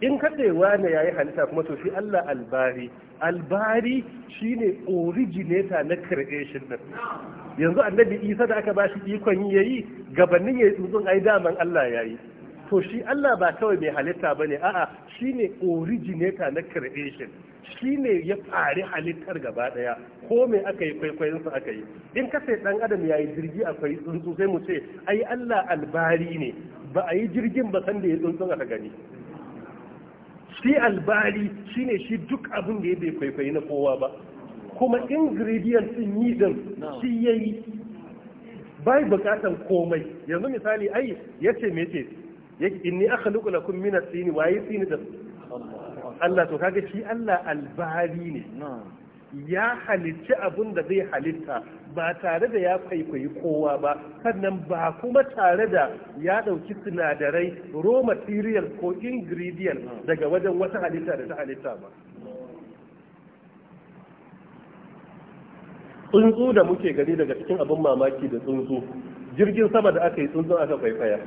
in kaɗe ne yayi halitta kuma to shi Allah albari albari shi ne originator na creation din yanzu annabi isa da aka ba shi ikon yayi gabanin ya yi tsuntsun ai daman Allah yayi to shi Allah ba kawai mai halitta ba ne a'a shi ne originator na creation shi ne ya fari halittar gaba daya ko mai aka yi kwaikwayon su aka yi in ka sai dan adam yayi jirgi akwai tsuntsu sai mu ce ai Allah albari ne ba a yi jirgin ba san ya tsuntsun aka gani shi albari shine shi duk abin da ya bai kwaikwayi na kowa ba kuma ingredients in yi din shi yayi bai bukatan komai yanzu misali ai yace me ce yake inni aka lakum min mina tsini waye tsini da Allah to kaga shi Allah albari ne ya halicci abun da zai halitta ba tare da ya kwaikwayi kowa ba sannan ba kuma tare da ya ɗauki sinadarai raw material ko ingredient daga wajen wata halitta da ta halitta ba tsuntsu da muke gani daga cikin abin mamaki da tsuntsu jirgin sama da aka yi tsuntsun aka kwaikwaya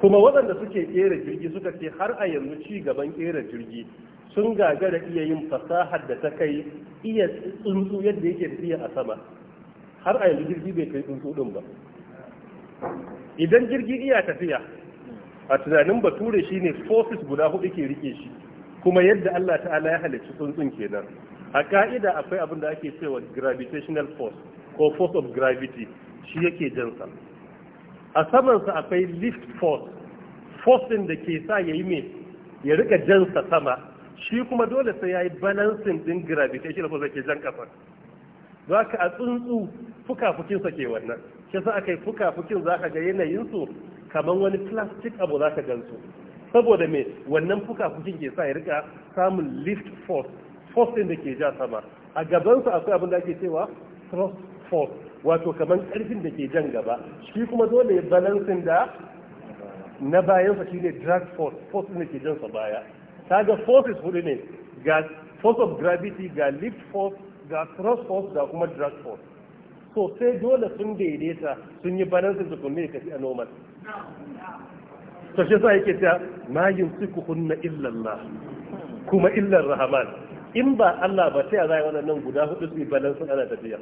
kuma waɗanda suke ƙera jirgi suka ce har a yanzu ci gaban ƙera jirgi sun gagara iya yin fasahar da ta kai iya tsuntsu yadda yake tafiya a sama har a yanzu jirgi bai kai tsuntsu ɗin ba idan jirgi iya tafiya a tunanin bature shine forces guda hudu ke rike shi kuma yadda Allah ta'ala ya halicci tsuntsun kenan a ka'ida akwai abin da ake cewa gravitational force ko force of gravity shi yake jansa a samansa akwai lift force forcing da ke sa ya yi mai ya rika jansa sama shi kuma dole sai ya yi balancing din gravitation force da ke jan kafa za ka a tsuntsu fukafukinsa ke wannan shi sa aka yi fukafukin za ka ga yanayinsu kamar wani plastic abu za ka gansu saboda me wannan fukafukin ke sa ya rika samun lift force force din da ke ja sama a gabansa akwai abin da ake cewa thrust force wato kamar karfin da ke jan gaba shi kuma dole ya balansin da na bayansa shi ne drag force force da ke jan sa baya kaga forces hudu ne ga force of gravity ga lift force ga thrust force ga kuma drag force so sai dole sun daidaita sun yi balansin da tukunne ya tafi a normal to shi sa yake ta ma yumsikuhunna illa illallah kuma illar rahman in ba Allah ba ta a zai wannan guda hudu su yi balansin ana tafiya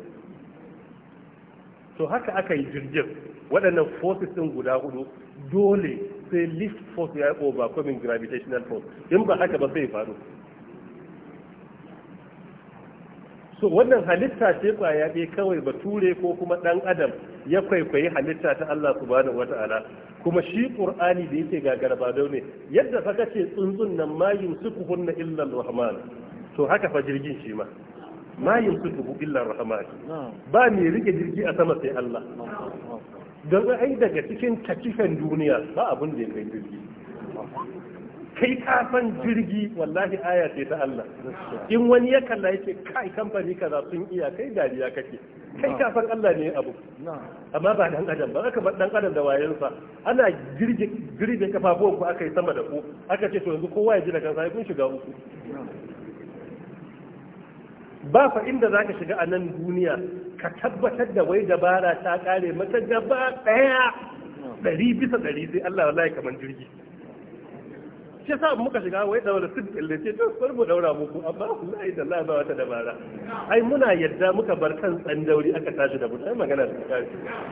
to haka aka yi jirgin waɗannan forces ɗin guda hudu dole sai lift force ya yi overcoming gravitational force in ba haka ba sai faru so wannan halitta ce kwaya ɗaya kawai bature ko kuma ɗan adam ya kwaikwayi halitta ta Allah wata wata'ala kuma shi ƙur'ani da yake gagara ba ne yadda fa kace tsuntsun nan ma yumsikuhunna illa illar rahman to haka fa jirgin shi ma ma yumsiku illa rahmani ba mai rike jirgi a sama sai Allah don ai daga cikin takifan duniya ba abin da ya kai jirgi kai ka san jirgi wallahi aya ce ta Allah in wani ya kalla yake kai kamfani kaza sun iya kai dariya kake kai ka san Allah ne abu amma ba dan adam ba aka bar dan adam da wayansa ana girge girge kafafuwan ku aka yi sama da ku aka ce to yanzu kowa ya ji da kansa kun shiga uku ba fa inda za ka shiga a nan duniya ka tabbatar da wai dabara ta kare mata gaba ɗaya ɗari bisa ɗari sai Allah wallahi kaman jirgi shi sa muka shiga wai daura sun ce to sai mu daura muku amma wallahi da Allah ba wata dabara ai muna yadda muka bar kan tsandauri aka tashi da mu sai magana da kai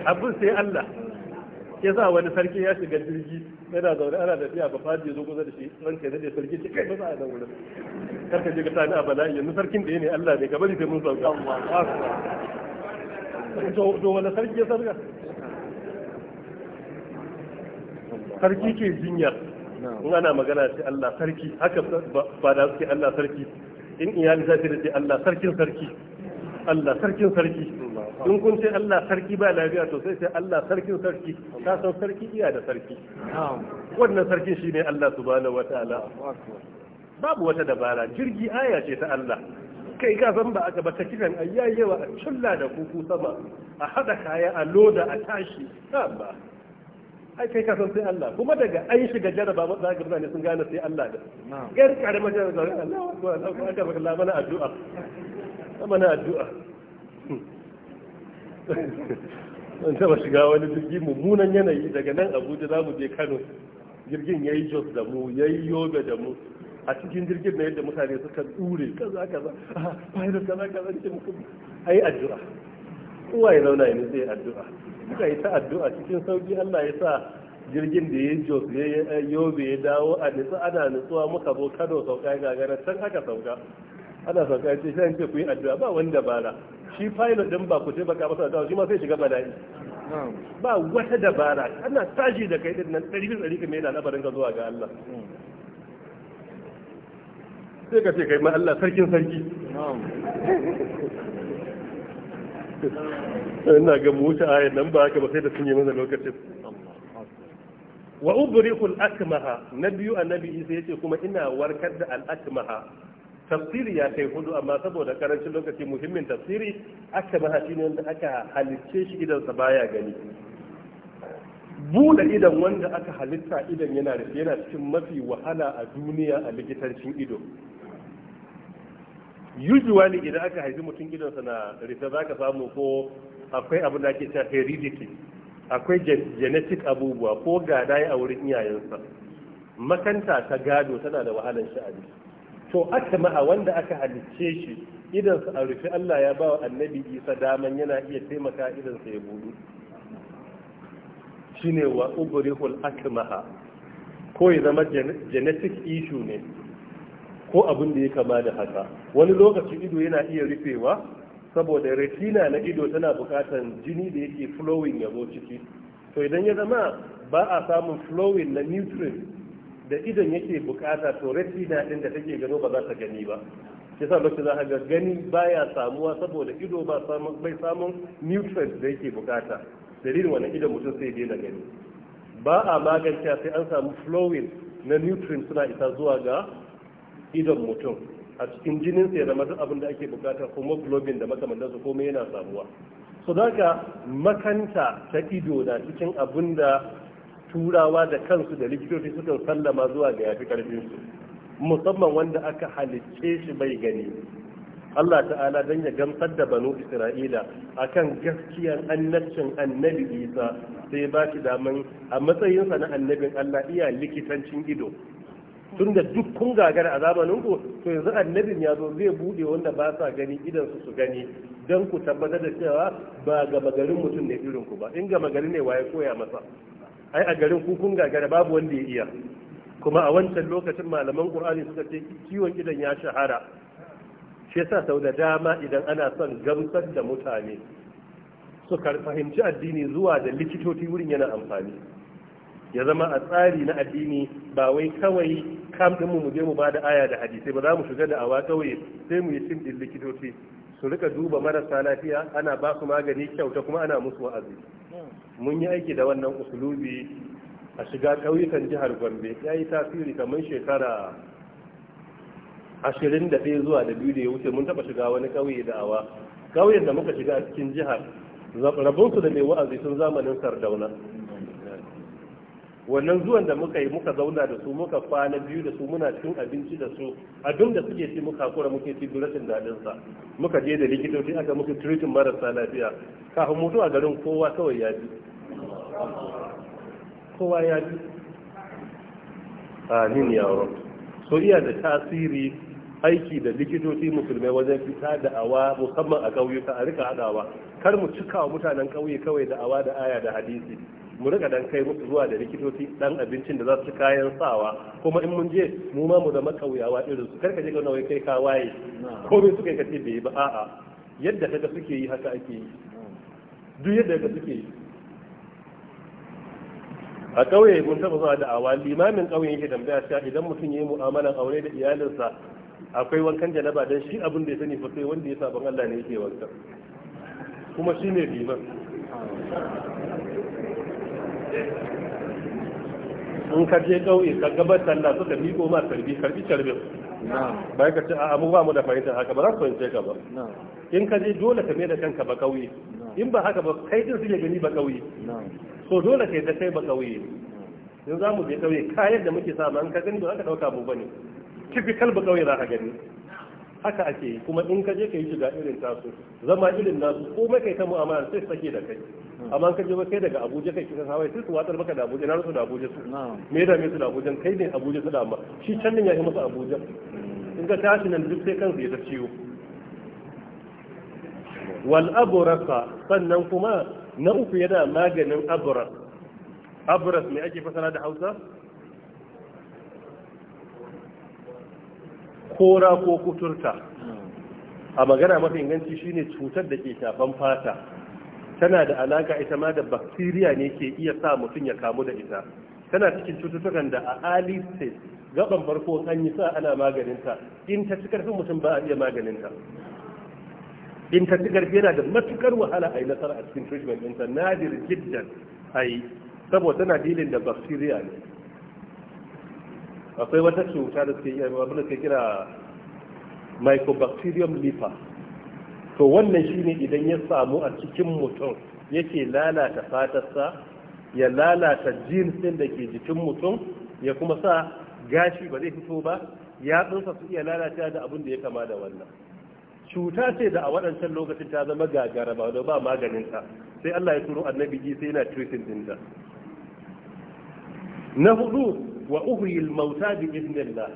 abin sai Allah ya sa wani sarki ya shiga jirgi yana zaune ana tafiya ba fadi zo kusa da shi ranka da sarki ce kai ba za a zaune karka je ka sani a bala'i yanzu sarkin da ne Allah ne ka bari sai mun sauka to wala sarki ya sarka sarki ke jinyar in ana magana sai Allah sarki haka ba da suke Allah sarki in iyali za ta ce Allah sarkin sarki Allah sarkin sarki in kun ce Allah sarki ba lafiya to sai sai Allah sarkin sarki ka san sarki iya da sarki wannan sarkin shine Allah subhanahu wataala babu wata dabara jirgi aya ce ta Allah kai ka san ba aka bata kiran ayyayewa a culla da kuku sama a hada kaya a loda a tashi ba ai kai ka san sai Allah kuma daga an shiga jaraba za ga sun gane sai Allah da yar karamar jaraba Allah wa Allah aka baka la mana addu'a mana addu'a an taba shiga wani jirgi mummunan yanayi daga nan Abuja za mu je Kano jirgin yayi Jos da mu yayi Yobe da mu a cikin jirgin da yadda mutane suka dure kaza kaza bayan kaza kaza ce muku yi addu'a kowa ya zauna yana zai addu'a suka yi ta addu'a cikin sauki Allah ya sa jirgin da ya jos ya eh, yobe ya dawo a nitsu ana nitsuwa muka zo Kano sauka gagara can aka sauka ana sauka ya ce shi ce ku yi addu'a ba wanda bara shi pilot din ba ku ce baka masa dawo shi ma sai shiga bala'i ba wata dabara ana tashi da kai din nan ɗari bisa ɗari kuma yana labarin ka zuwa ga Allah sai ka ce kai ma Allah sarkin sarki ina ga mu nan ba haka ba sai da sun yi mana lokacin wa ubriqul akmaha nabiyu annabi isa yace kuma ina warkar da al akmaha tafsiri ya kai hudu amma saboda karancin lokaci muhimmin tafsiri akmaha shine wanda aka halicce shi idan sa baya gani Bude idan wanda aka halitta idan yana da yana cikin mafi wahala a duniya a likitancin ido usually idan aka haifi mutum gidansa na rita za ka samu ko akwai abin da ake cewa heredity akwai genetic abubuwa ko gada ya a wurin iyayensa makanta ta gado tana da wahalar sha'ani to aka ma'a wanda aka halicce shi idansa a rufe Allah ya ba wa annabi isa daman yana iya taimaka idansa ya budu shine wa ubrihul akmaha ko ya zama genetic issue ne ko abin da ya kama da haka wani lokaci ido yana iya rufewa saboda retina na ido tana bukatan jini da yake flowing ya zo ciki to idan ya zama ba a samun flowing na nutrient da idon yake bukata to retina din da take gano ba za ta gani ba yasa lokacin za ga gani baya samuwa saboda ido ba samun bai samun nutrient da yake bukata dalilin wannan idan mutum sai daina gani ba a magance sai an samu flowing na nutrient suna isa zuwa ga idon mutum a cikin jinin sai zama duk abin da ake bukata homoglobin da makamantar ko mai yana samuwa so daga makanta ta ido na cikin abin da turawa da kansu da likitoci suka sallama zuwa ga yafi karfin su musamman wanda aka halicce shi bai gani Allah ta'ala dan ya gamsar da banu Isra'ila akan gaskiyar annabcin annabi Isa sai ba shi daman a matsayinsa na annabin Allah iya likitancin ido tun da duk kun gagara a zamanin ku to yanzu annabin ya zo zai bude wanda ba sa gani idan su gani don ku tabbatar da cewa ba gama garin mutum ne irin ku ba in gama gari ne waye koya masa ai a garin ku kun gagara babu wanda ya iya kuma a wancan lokacin malaman qur'ani suka ce kiwon idan ya shahara shi yasa sau da dama idan ana son gamsar da mutane su fahimci addini zuwa da likitoci wurin yana amfani ya zama a tsari na addini ba wai kawai kam din mu je mu ba da aya da hadisai ba za mu shiga da awa kawai sai mu yi cin din likitoci su rika duba marasa lafiya ana ba su magani kyauta kuma ana musu wa'azi mun yi aiki da wannan usulubi a shiga ƙauyukan jihar gombe ya yi tasiri kamar shekara ashirin da ɗaya zuwa da biyu da ya wuce mun taɓa shiga wani ƙauye da awa ƙauyen da muka shiga a cikin jihar rabonsu da mai wa'azi sun zamanin sardauna wannan zuwan da muka yi muka zauna da su muka kwana biyu da su muna cin abinci da su duk da suke ci muka kura muke ci duratin dadin sa muka je da likitoci aka muka treatment marasa lafiya kafin mutu a garin kowa kawai ya bi kowa ya bi amin ya rabu so iya da tasiri aiki da likitoci musulmai wajen fita da awa musamman a ƙauyuka a rika haɗawa kar mu cika wa mutanen ƙauye kawai da awa da aya da hadisi mu rika dan kai musu zuwa da likitoci dan abincin da za su kayan sawa kuma in mun je mu ma mu zama kauyawa irin su karka je ga nawai kai ka waye me suka yi kace bai ba a'a yadda kaga suke yi haka ake yi duk yadda kaga suke yi a kauye mun taba zuwa da awa limamin kauye yake tambaya cewa idan mutum yayi mu'amalan aure da iyalinsa akwai wankan janaba dan shi abin da ya sani fa sai wanda ya saban Allah ne yake wankan kuma shine liman in ka je ƙauye ka gabar sallah suka miƙo ma karbi karbi karbi bai ka ce a abu ba mu da fahimtar haka ba za su fahimce ka ba in ka je dole ka mai da kanka ba ƙauye in ba haka ba kai din suke gani ba ƙauye so dole kai ta kai ba ƙauye in za mu je ƙauye kayan da muke sa ma in ka gani ba za ka ɗauka mu ba ne typical ba ƙauye za ka gani haka ake yi kuma in ka je ka yi shiga irin tasu zama irin nasu komai kai ta mu'amala sai sake da kai amma ka je ba kai daga abuja kai kisan hawaii sai su watsar maka da abuja na rasu da abuja su me da me su da abuja kai ne abuja su da amma shi can ya yi masa abuja in ka tashi nan duk sai kan zai ta ciwo wal aburasa sannan kuma na uku yana maganin aburas aburas me ake fasara da hausa kora ko kuturta a magana mafi inganci shine cutar da ke shafan fata tana da alaka ita ma da bakteriya ne ke iya sa mutum ya kamu da ita tana cikin cututtukan da a early stage gaban farko an yi sa ana maganinta in ta ci karfin mutum ba a iya maganinta in ta ci karfi yana da matukar wahala a yi nasara a cikin treatment ɗinta nadir jiddan a yi saboda tana dilin da bacteria ne akwai wata cuta da suke abin da suke kira mycobacterium leper to wannan shine idan ya samu a cikin mutum yake lalata fatarsa ya lalata jeans din da ke jikin mutum ya kuma sa gashi ba zai fito ba ya tsunsa su iya lalata da abin da ya kama da wannan cuta ce da a waɗancan lokacin ta zama gagara ba da ba maganinta sai Allah ya turo annabi sai yana treating dinta na hudu wa uhyil mauta bi iznillah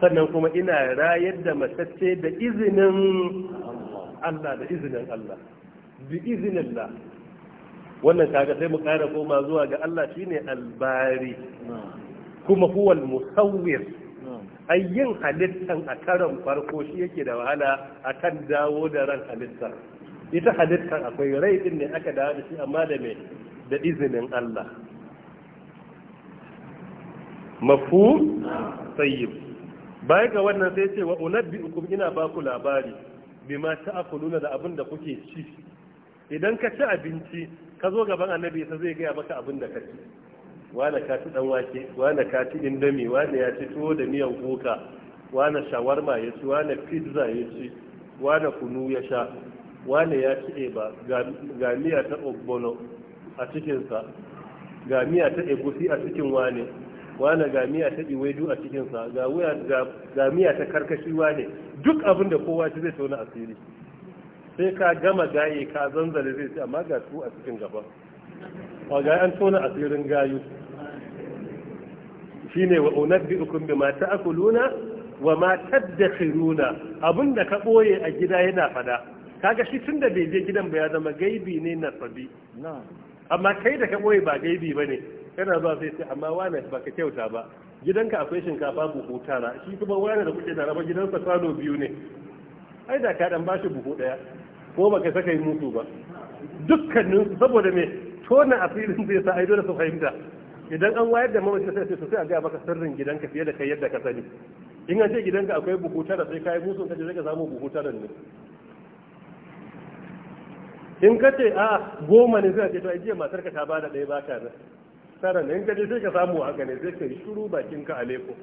sannan kuma ina rayar da matacce da izinin Allah da izinin Allah bi iznillah wannan kaga sai mu ƙara koma zuwa ga Allah shine albari kuma huwal musawwir ayyin halittan a karan farko shi yake da wahala a kan dawo da ran halittar ita halittar akwai rai din ne aka dawo da shi amma da me da izinin Allah mafu tsayyib baya ga wannan sai ce wa unabbi ukum ina ba ku labari ma ta akuluna da abin da kuke ci idan ka ci abinci ka zo gaban annabi sai zai gaya maka abin da ka ci wani ka ci dan wake wani ka ci indomi wani ya ci tuwo da miyan kuka wani shawarma ya ci wani pizza ya ci wani kunu ya sha wani ya ci eba ga miya ta ogbono a cikinsa ga miya ta egusi a cikin wani wani gamiya ta ta waidu a cikinsa gamiya ta karkashi wane duk abin da kowa shi zai tauna asiri sai ka gama gaye ka zanzare zai ce amma ga su a cikin gaba a ga an tauna asirin gayu shine wa bi mata akuluna, wa ma abin da ka ɓoye a gida yana fada kaga shi tun da bai je gidan ba ya zama gaibi ne na sabi amma kai da ka ɓoye ba gaibi ba ne. yana zuwa sai sai amma wane ba ka kyauta ba gidanka akwai shinkafa buhu tara shi kuma wane da kuke tara ba gidansa kwano biyu ne ai da ka dan shi buhu daya ko baka saka yi mutu ba dukkanin saboda me tona asirin zai sa ai dole su fahimta idan an wayar da mamaci sai sai a ga maka sirrin gidanka fiye da kai yadda ka sani in an ce gidanka akwai buhu tara sai kai musu kaje zai ka samu buhu tara ne in ka ce a goma ne a ce to ai jiya matar ka ta bada ɗaya baka nan tara ne in ka je sai ka samu haka ne sai ka yi shuru bakin ka aleko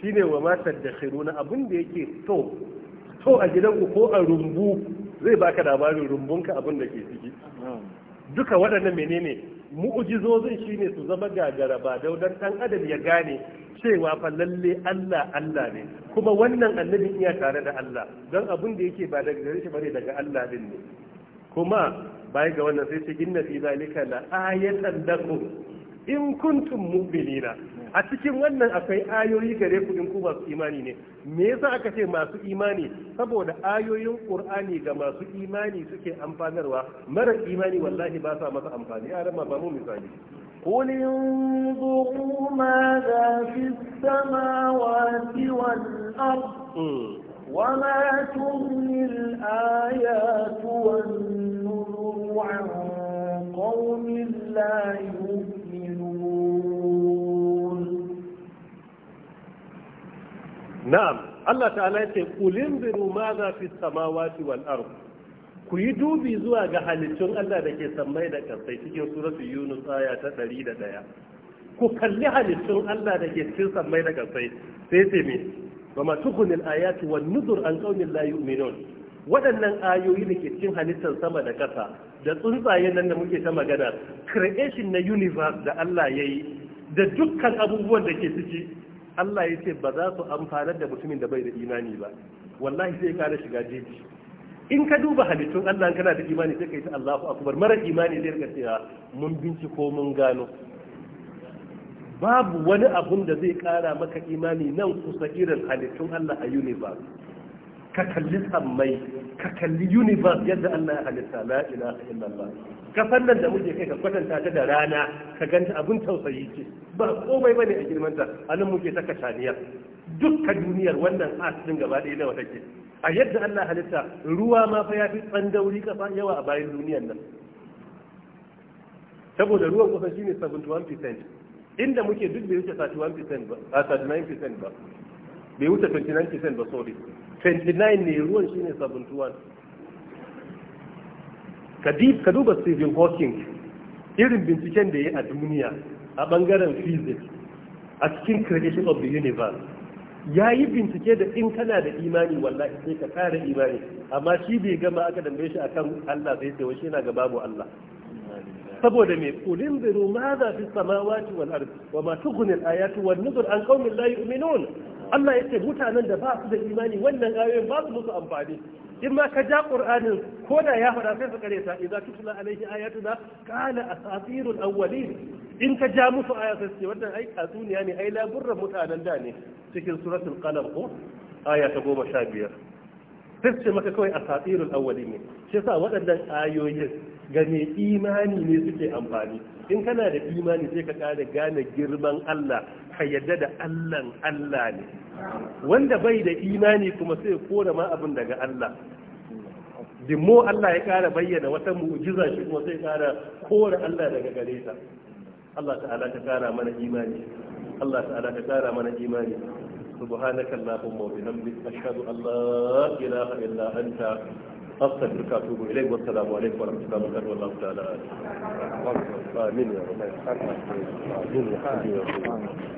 shine wa ma na abin da yake to to a gidan ku ko a rumbu zai baka labarin rumbunka abin da ke ciki duka waɗannan menene mu'ujizozin shine su zama gagara ba daudan dan adam ya gane cewa fa lalle Allah Allah ne kuma wannan annabin iya tare da Allah don abin da yake ba daga gare shi bane daga Allah din ne kuma baya ga wannan sai ce inna fi zalika la ayatan lakum in kuntum mu'minina a cikin wannan akwai ayoyi gare ku in ku masu imani ne me yasa aka ce masu imani saboda ayoyin qur'ani ga masu imani suke amfanarwa mara imani wallahi ba sa masa amfani ya rama ba mu misali قل انظروا ماذا في السماوات والأرض hmm. وما تغني الآيات والنذر عن قوم لا يؤمنون نعم الله تعالى يقول انظروا ماذا في السماوات والأرض ku yi dubi zuwa ga halittun Allah da ke sammai da kasai cikin suratu Yunus aya ta 101 ku kalli halittun Allah da ke cikin sammai da kasai sai sai me wa ma al-ayatu wan nuzur an ƙaunin layu yu'minun waɗannan ayoyi da ke cikin halittar sama da ƙasa da tsuntsayen nan da muke ta magana creation na universe da Allah ya yi da dukkan abubuwan da ke ciki Allah ya ce ba za su amfana da mutumin da bai da imani ba wallahi sai kara shiga jeji in ka duba halittun Allah kana da imani sai ka yi ta Allahu akbar mara imani zai rika cewa mun binciko mun gano babu wani abun da zai kara maka imani nan kusa irin halittun Allah a universe ka kalli sammai ka kalli universe yadda Allah ya halitta la ilaha illallah ka nan da muke kai ka kwatanta ta da rana ka ganta abin tausayi ce ba komai bane a ta anan muke ta kashaniya dukkan duniyar wannan asirin gaba ɗaya nawa take a yadda Allah halitta ruwa ma fa yafi tsandauri kafa yawa a bayan duniyar nan saboda ruwan kusa shine 71% inda muke duk bai wuce 31% ba 39% ah, ba bai wuce 29% ba sorry 29 ne ruwan shine 71 kadib ka duba Stephen Hawking irin binciken da ya yi a duniya a bangaren physics a cikin creation of the universe ya yi bincike da in kana da imani wallahi sai ka kare imani amma shi bai gama aka dambe shi akan Allah sai sai wai shi yana ga babu Allah saboda me kulin biru ma za fi samawati wal ardi wa ma tughni ayatu nuzur an qaumin la yu'minun Allah yace mutanen da ba su da imani wannan ayoyin ba su musu amfani in ma ka ja ƙur'anin ko da ya fada sai su kare ta idza tutla alaihi ayatuna qala asatirul awwalin in ka ja musu aya sai ce wannan ai katsuniya ne ai laburran mutanen da ne cikin suratul qalam ko aya ta goma sha biyar sai su ce maka kawai asatirul awwalin ne shi yasa waɗannan ayoyin ga mai imani ne suke amfani in kana da imani sai ka kara gane girman Allah ka yadda da Allahn Allah ne wanda bai da imani kuma sai kora ma abin daga Allah dimmo Allah ya kara bayyana wata mu'jiza shi kuma sai kara kora Allah daga gare ta Allah ta'ala ta kara mana imani Allah ta'ala ta kara mana imani سبحانك wa bihamdika ashhadu an la ilaha illa anta أستغفرك وأتوب إليك والسلام عليكم ورحمة الله وبركاته والله تعالى آمين يا رب آمين يا رب